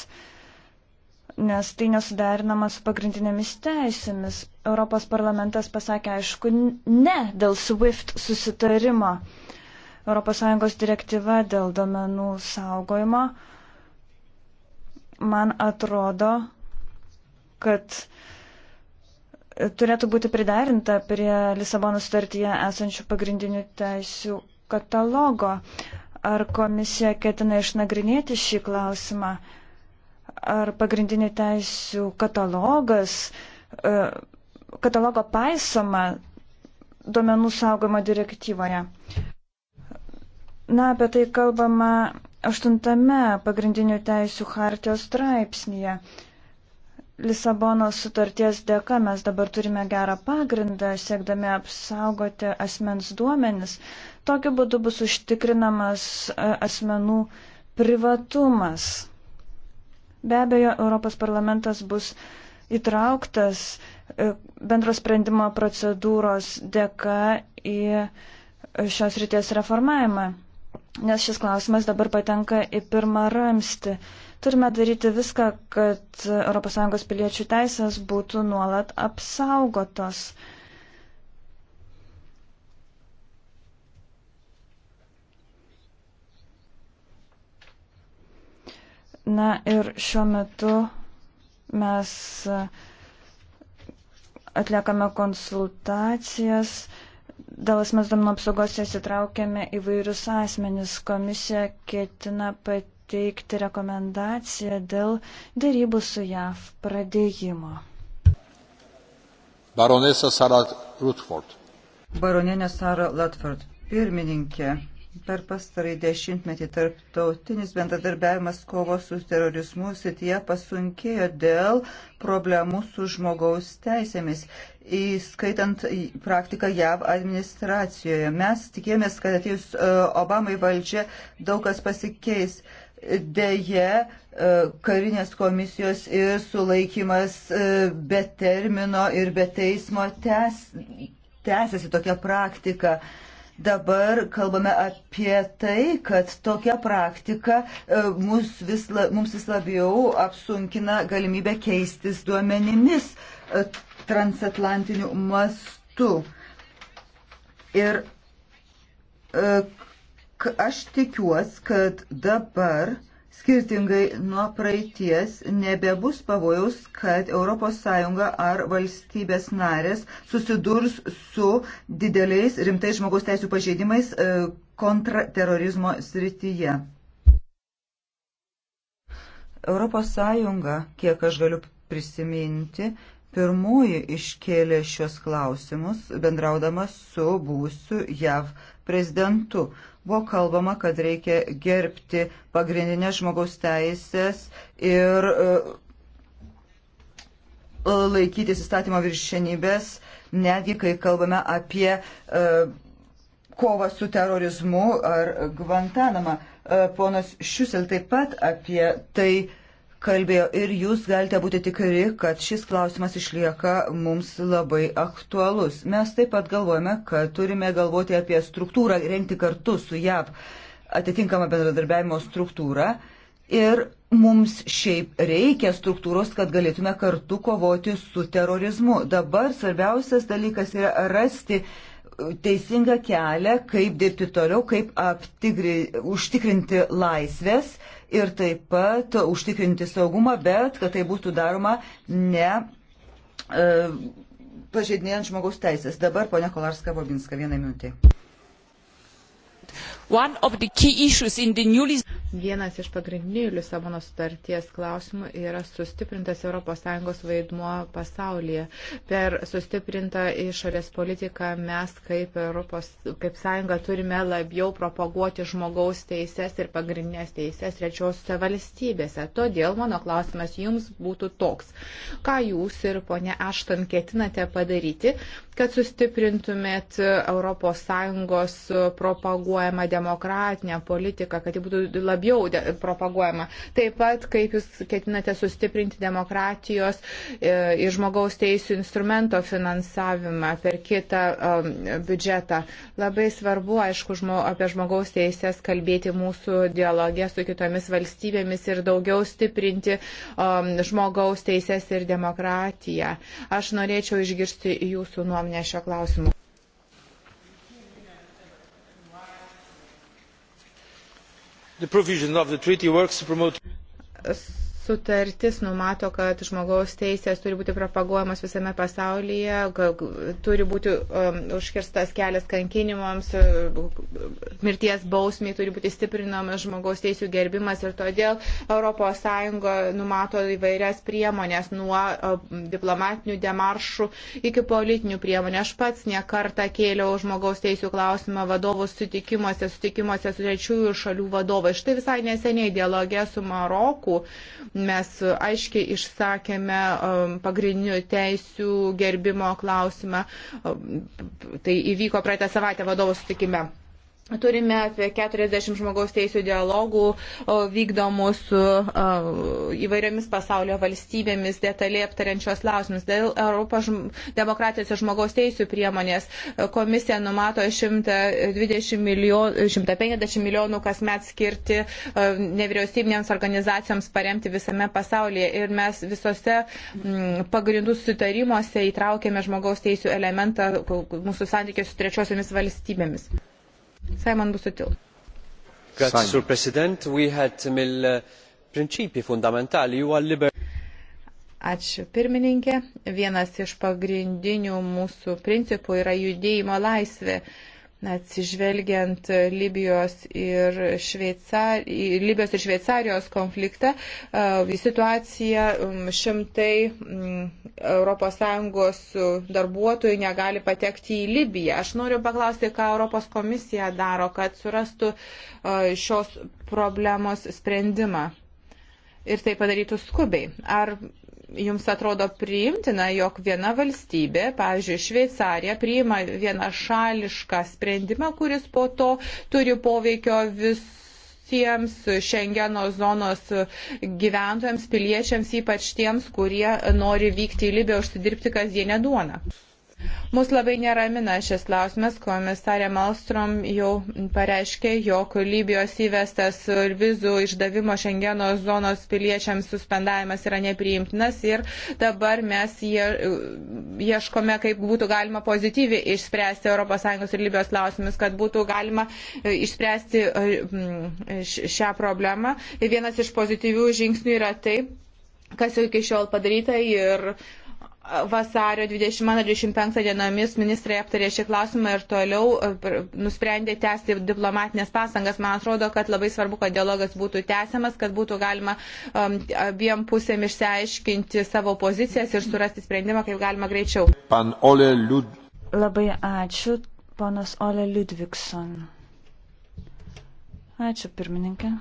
nes tai nesuderinama su pagrindinėmis teisėmis. Europos parlamentas pasakė, aišku, ne dėl SWIFT susitarimo. ES direktyva dėl domenų saugojimo. Man atrodo, kad turėtų būti pridarinta prie Lisabono sutartyje esančių pagrindinių teisių katalogo. Ar komisija ketina išnagrinėti šį klausimą? ar pagrindinių teisių katalogas, e, katalogo paisoma duomenų saugojimo direktyvoje. Na, apie tai kalbama aštuntame pagrindinių teisių hartijos straipsnėje. Lisabonos sutarties dėka mes dabar turime gerą pagrindą, siekdami apsaugoti asmens duomenis. Tokiu būdu bus užtikrinamas e, asmenų privatumas. Be abejo, Europos parlamentas bus įtrauktas e, bendro sprendimo procedūros dėka į e, šios ryties reformavimą, nes šis klausimas dabar patenka į pirmą ramstį. Turime daryti viską, kad ES piliečių teisės būtų nuolat apsaugotos. Na ir šiuo metu mes atliekame konsultacijas. Dėl asmens duomenų apsaugos jas įtraukėme įvairius asmenis. Komisija ketina pateikti rekomendaciją dėl dėrybų su JAV pradėjimo. Baronė Sara Rutford. Baronė Sara Latford. Pirmininkė. Per pastarąjį dešimtmetį tarptautinis bendradarbiavimas kovos su terorizmu sityje pasunkėjo dėl problemų su žmogaus teisėmis, įskaitant praktiką JAV administracijoje. Mes tikėjomės, kad atėjus e, Obamai valdžia daug kas pasikeis. Deja, e, karinės komisijos ir sulaikimas e, be termino ir be teismo tęsiasi tokia praktika. Dabar kalbame apie tai, kad tokia praktika e, mums vis, mums vis labiau apsunkina galimybę keistis duomenimis e, transatlantiniu mastu. Ir e, aš tikiuosi, kad dabar uh, Skirtingai nuo praeities nebebus pavojaus, kad ES ar valstybės narės susidurs su dideliais rimtais žmogaus teisų pažeidimais e, kontraterorizmo srityje. ES, kiek aš galiu prisiminti, pirmoji iškėlė šios klausimus bendraudama su būsiu JAV prezidentu buvo kalbama, kad reikia gerbti pagrindinės žmogaus teisės ir e, laikytis įstatymo viršienybės, netgi kai kalbame apie e, kovą su terorizmu ar Gvantanamą. E, ponas Šiusel taip pat apie tai kalbėjo ir jūs galite būti tikri, kad šis klausimas išlieka mums labai aktualus. Mes taip pat galvojame, kad turime galvoti apie struktūrą, renkti kartu su JAV atitinkamą bendradarbiavimo struktūrą. Ir mums šiaip reikia struktūros, kad galėtume kartu kovoti su terorizmu. Dabar svarbiausias dalykas yra rasti teisingą kelią, kaip dirbti toliau, kaip aptigri, užtikrinti laisvės ir taip pat užtikrinti saugumą, bet kad tai būtų daroma ne e, pažeidinėjant žmogaus teisės. Dabar ponia Kolarska Bobinska, vieną minutę. Vienas iš pagrindinių Lisabono sutarties klausimų yra sustiprintas ES vaidmuo pasaulyje. Per sustiprintą išorės politiką mes kaip, Europos, kaip sąjunga turime labiau propaguoti žmogaus teises ir pagrindinės teises trečiosiuose valstybėse. Todėl mano klausimas jums būtų toks. Ką jūs ir ponė Ašton ketinate padaryti, kad sustiprintumėt ES propaguojamą demokratinę politiką, kad ji būtų labiau propaguojama. Taip pat, kaip jūs ketinate sustiprinti demokratijos e, ir žmogaus teisų instrumento finansavimą per kitą um, biudžetą. Labai svarbu, aišku, žmo, apie žmogaus teisės kalbėti mūsų dialogė su kitomis valstybėmis ir daugiau stiprinti um, žmogaus teisės ir demokratiją. Aš norėčiau išgirsti jūsų nuomonę šio klausimu. the provision of the treaty works to promote. Sutartis numato, kad žmogaus teisės turi būti propaguojamas visame pasaulyje, turi būti um, užkirstas kelias kankinimams, uh, mirties bausmiai turi būti stiprinamas žmogaus teisų gerbimas ir todėl ES numato įvairias priemonės nuo um, diplomatinių demaršų iki politinių priemonių. Aš pats nekartą kėliau žmogaus teisų klausimą vadovų sutikimuose, sutikimuose su trečiųjų šalių vadovai. Štai visai neseniai dialogė su Maroku Mes aiškiai išsakėme um, pagrindinių teisių gerbimo klausimą. Um, tai įvyko praeitą savaitę vadovo sutikime. Turime apie 40 žmogaus teisų dialogų vykdomų su įvairiomis pasaulio valstybėmis, detaliai aptariančios klausimus. Dėl Europos demokratijos ir žmogaus teisų priemonės komisija numato 120 milijonų, 150 milijonų kasmet skirti nevyriausybinėms organizacijoms paremti visame pasaulyje. Ir mes visose pagrindų sutarimuose įtraukėme žmogaus teisų elementą mūsų santykiai su trečiosiamis valstybėmis. Simon Busutil. Grazie, Sur President. Wieħed mill-prinċipji uh, fundamentali huwa l-libertà. Ačiū pirmininkė. Vienas iš pagrindinių mūsų principų yra judėjimo laisvė atsižvelgiant Libijos ir, Šveicar... Libijos ir Šveicarijos konfliktą, situacija šimtai ES darbuotojų negali patekti į Libiją. Aš noriu paklausti, ką Europos komisija daro, kad surastų šios problemos sprendimą ir tai padarytų skubiai. Ar jums atrodo priimtina, jog viena valstybė, pavyzdžiui, Šveicarija, priima vienašališką sprendimą, kuris po to turi poveikio visų visiems Šengeno zonos gyventojams, piliečiams, ypač tiems, kurie nori vykti į Libiją užsidirbti kasdienę duoną. Mus labai neramina šis klausimas, komisarė Malstrom jau pareiškė, jog Libijos įvestas vizų išdavimo Šengeno zonos piliečiams suspendavimas yra nepriimtinas ir dabar mes jie, ieškome, kaip būtų galima pozityviai išspręsti ES ir Libijos klausimus, kad būtų galima e, išspręsti e, šią problemą. Vienas iš pozityvių žingsnių yra tai, kas jau iki šiol padaryta ir uh, vasario 21-25 dienomis ministrai aptarė šį klausimą ir toliau e, nusprendė tęsti diplomatinės pasangas. Man atrodo, kad labai svarbu, kad dialogas būtų tęsiamas, kad būtų galima um, abiem pusėm išsiaiškinti savo pozicijas ir surasti sprendimą, kaip galima greičiau. Lud... Labai ačiū, ponas Ole Ludvikson. Ačiū, pirmininkė.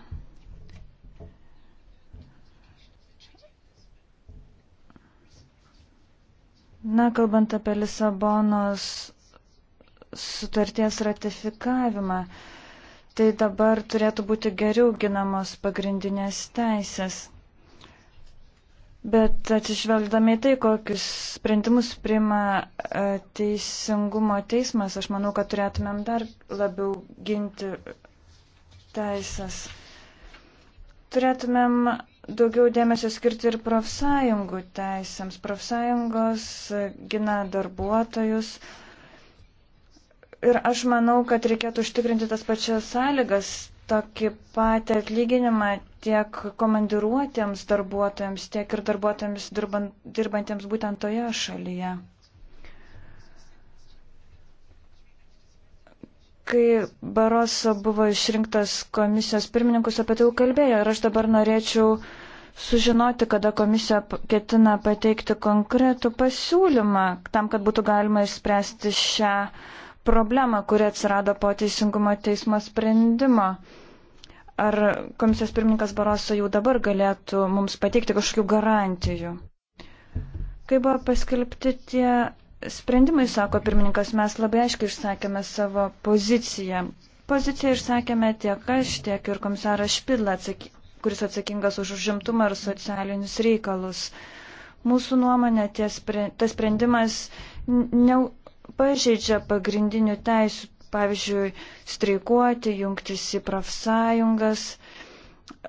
Na, kalbant apie Lisabonos sutarties ratifikavimą, tai dabar turėtų būti geriau ginamos pagrindinės teisės. Bet atsižvelgdami tai, kokius sprendimus priima e, teisingumo teismas, aš manau, kad turėtumėm dar labiau ginti teisės. Turėtumėm daugiau dėmesio skirti ir profsąjungų teisėms. Profsąjungos gina darbuotojus. Ir aš manau, kad reikėtų užtikrinti tas pačias sąlygas, tokį patį atlyginimą tiek komandiruotiems darbuotojams, tiek ir darbuotojams dirbant, dirbantiems būtent toje šalyje. kai Baroso buvo išrinktas komisijos pirmininkus, apie tai jau kalbėjo ir aš dabar norėčiau sužinoti, kada komisija ketina pateikti konkretų pasiūlymą tam, kad būtų galima išspręsti šią problemą, kuri atsirado po teisingumo teismo sprendimo. Ar komisijos pirmininkas Baroso jau dabar galėtų mums pateikti kažkokių garantijų? Kai buvo paskelbti tie sprendimai, sako pirmininkas, mes labai aiškiai išsakėme savo poziciją. Poziciją išsakėme tiek aš, tiek ir komisaras Špidla, kuris atsakingas už užimtumą ir socialinius reikalus. Mūsų nuomonė, tas sprendimas ne, pažeidžia pagrindinių teisų, pavyzdžiui, streikuoti, jungtis į profsąjungas,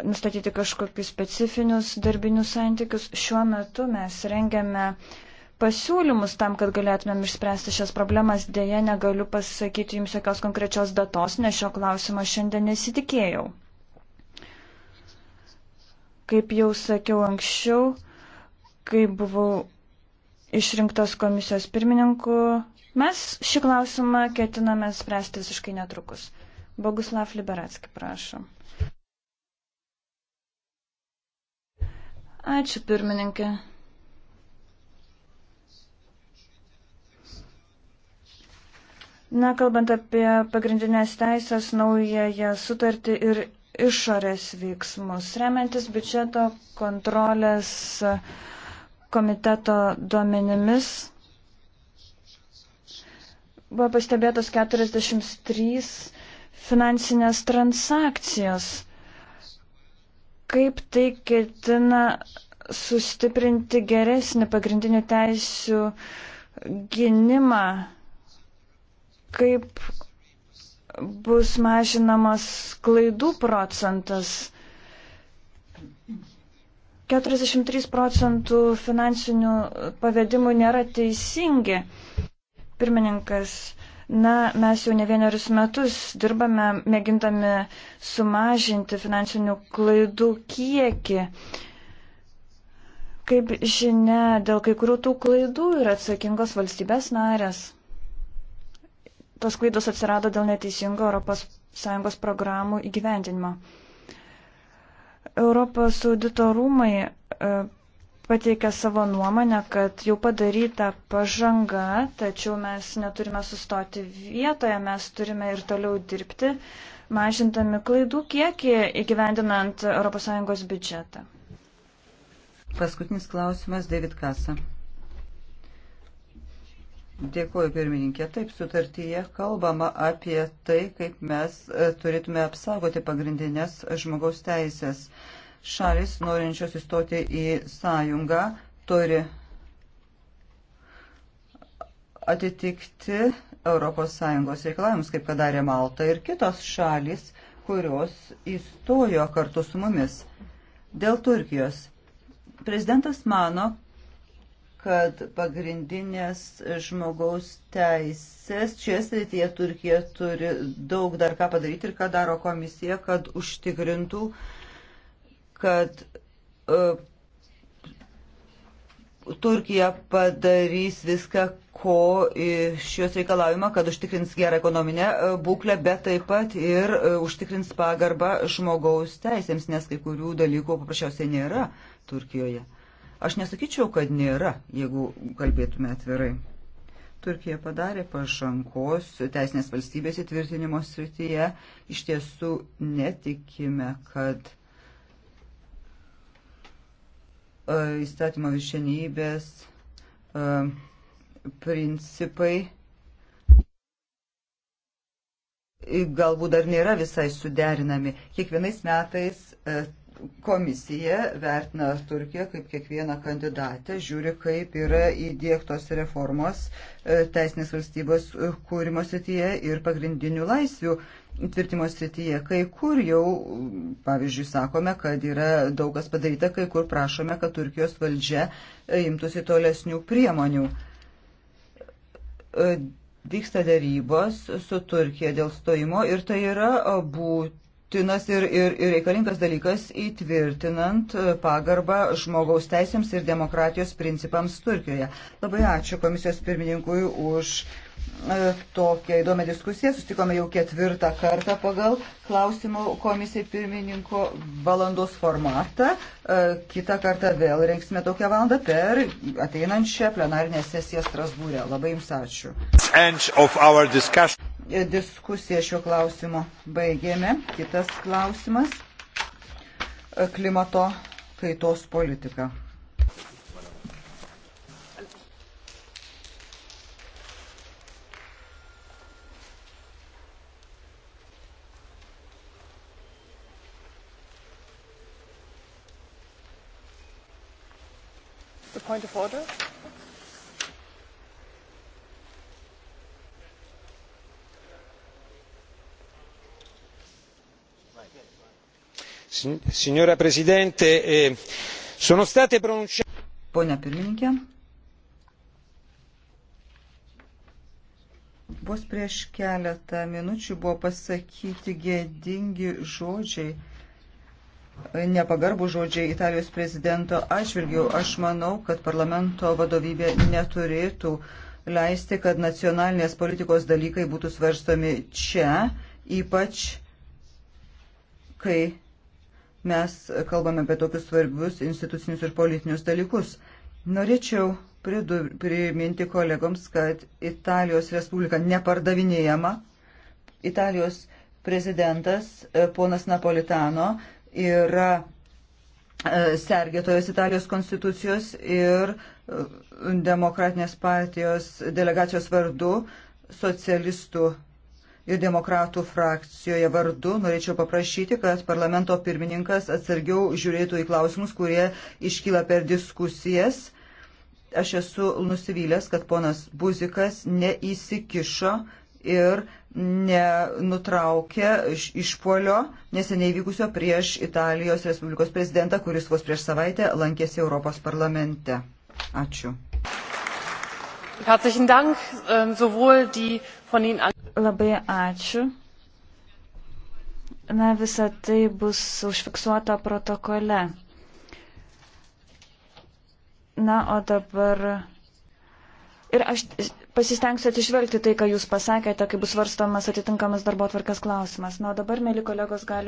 nustatyti kažkokius specifinius darbinius santykius. Šiuo metu mes rengiame uh, pasiūlymus tam, kad galėtumėm išspręsti šias problemas. Deja, negaliu pasakyti jums jokios konkrečios datos, nes šio klausimo šiandien nesitikėjau. Kaip jau sakiau anksčiau, kai buvau išrinktas komisijos pirmininku, mes šį klausimą ketiname spręsti visiškai netrukus. Boguslav Liberatski, prašom. Ačiū pirmininkė. Na, kalbant apie pagrindinės teisės, naująją sutartį ir išorės veiksmus, remiantis biudžeto kontrolės komiteto duomenimis, buvo pastebėtos 43 finansinės transakcijos. Kaip tai ketina sustiprinti geresnį pagrindinių teisių gynimą kaip bus mažinamas klaidų procentas. 43 procentų finansinių pavedimų nėra teisingi. Pirmininkas, na, mes jau ne vienerius metus dirbame, mėgindami sumažinti finansinių klaidų kiekį. Kaip žinia, dėl kai kurių tų klaidų yra atsakingos valstybės narės tos klaidos atsirado dėl neteisingo ES programų įgyvendinimo. Europos audito rūmai e, pateikė savo nuomonę, kad jau padaryta pažanga, tačiau mes neturime sustoti vietoje, mes turime ir toliau dirbti, mažintami klaidų kiekį įgyvendinant ES biudžetą. Paskutinis klausimas, David Kasa. Dėkuoju, pirmininkė. Taip, sutartyje kalbama apie tai, kaip mes e, turėtume apsaugoti pagrindinės žmogaus teisės. Šalis, norinčios įstoti į sąjungą, turi atitikti ES reikalavimus, kaip padarė Malta ir kitos šalis, kurios įstojo kartu su mumis. Dėl Turkijos. Prezidentas mano, kad pagrindinės žmogaus teisės šioje srityje Turkija turi daug dar ką padaryti ir ką daro komisija, kad užtikrintų, kad uh, Turkija padarys viską, ko iš jos reikalavimą, kad užtikrins gerą ekonominę e, būklę, bet taip pat ir e, užtikrins pagarbą žmogaus teisėms, nes kai kurių dalykų paprasčiausiai nėra Turkijoje. Aš nesakyčiau, kad nėra, jeigu kalbėtume atvirai. Turkija padarė pažangos teisinės valstybės įtvirtinimo srityje. Iš tiesų netikime, kad e, įstatymo viršenybės e, principai galbūt dar nėra visai suderinami. Kiekvienais metais e, Komisija vertina Turkiją kaip kiekvieną kandidatę, žiūri, kaip yra įdėktos reformos e, teisinės valstybės e, kūrimo srityje ir pagrindinių laisvių tvirtimo srityje. Kai kur jau, pavyzdžiui, sakome, kad yra daug kas padaryta, kai kur prašome, kad Turkijos valdžia e, imtųsi tolesnių priemonių vyksta darybos su Turkija dėl stojimo ir tai yra būtų būtinas ir, ir, ir reikalingas dalykas įtvirtinant e, pagarbą žmogaus teisėms ir demokratijos principams Turkijoje. Labai ačiū komisijos pirmininkui už e, tokią įdomią diskusiją. Sustikome jau ketvirtą kartą pagal klausimų komisijai pirmininko valandos formatą. E, Kita kartą vėl rengsime tokią valandą per ateinančią plenarinę sesiją Strasbūrę. Labai Jums ačiū. Diskusiją šiuo klausimu baigėme. Kitas klausimas - klimato kaitos politika. point of order? signora presidente e sono state pronunciate. pone pirmininke vos prieš keletą minučių buvo pasakyti gėdingi žodžiai nepagarbų žodžiai Italijos prezidento atžvilgių. Aš manau, kad parlamento vadovybė neturėtų leisti, kad nacionalinės politikos dalykai būtų svarstomi čia, ypač kai mes kalbame apie tokius svarbius institucinius ir politinius dalykus. Norėčiau pridur, priminti kolegoms, kad Italijos Respublika nepardavinėjama. Italijos prezidentas e, ponas Napolitano yra e, sergėtojas Italijos konstitucijos ir e, demokratinės partijos delegacijos vardu socialistų ir demokratų frakcijoje vardu norėčiau paprašyti, kad parlamento pirmininkas atsargiau žiūrėtų į klausimus, kurie iškyla per diskusijas. Aš esu nusivylęs, kad ponas Buzikas neįsikišo ir nenutraukė išpolio neseniai vykusio prieš Italijos Respublikos prezidentą, kuris vos prieš savaitę lankėsi Europos parlamente. Ačiū. Herzlichen Dank, ähm, sowohl die von Ihnen an. Labai ačiū. Na, visa tai bus užfiksuota protokole. Na, o dabar. Ir aš pasistengsiu atsižvelgti tai, ką Jūs pasakėte, kai bus svarstomas atitinkamas darbo tvarkas klausimas. Na, o dabar, mėly kolegos, gali.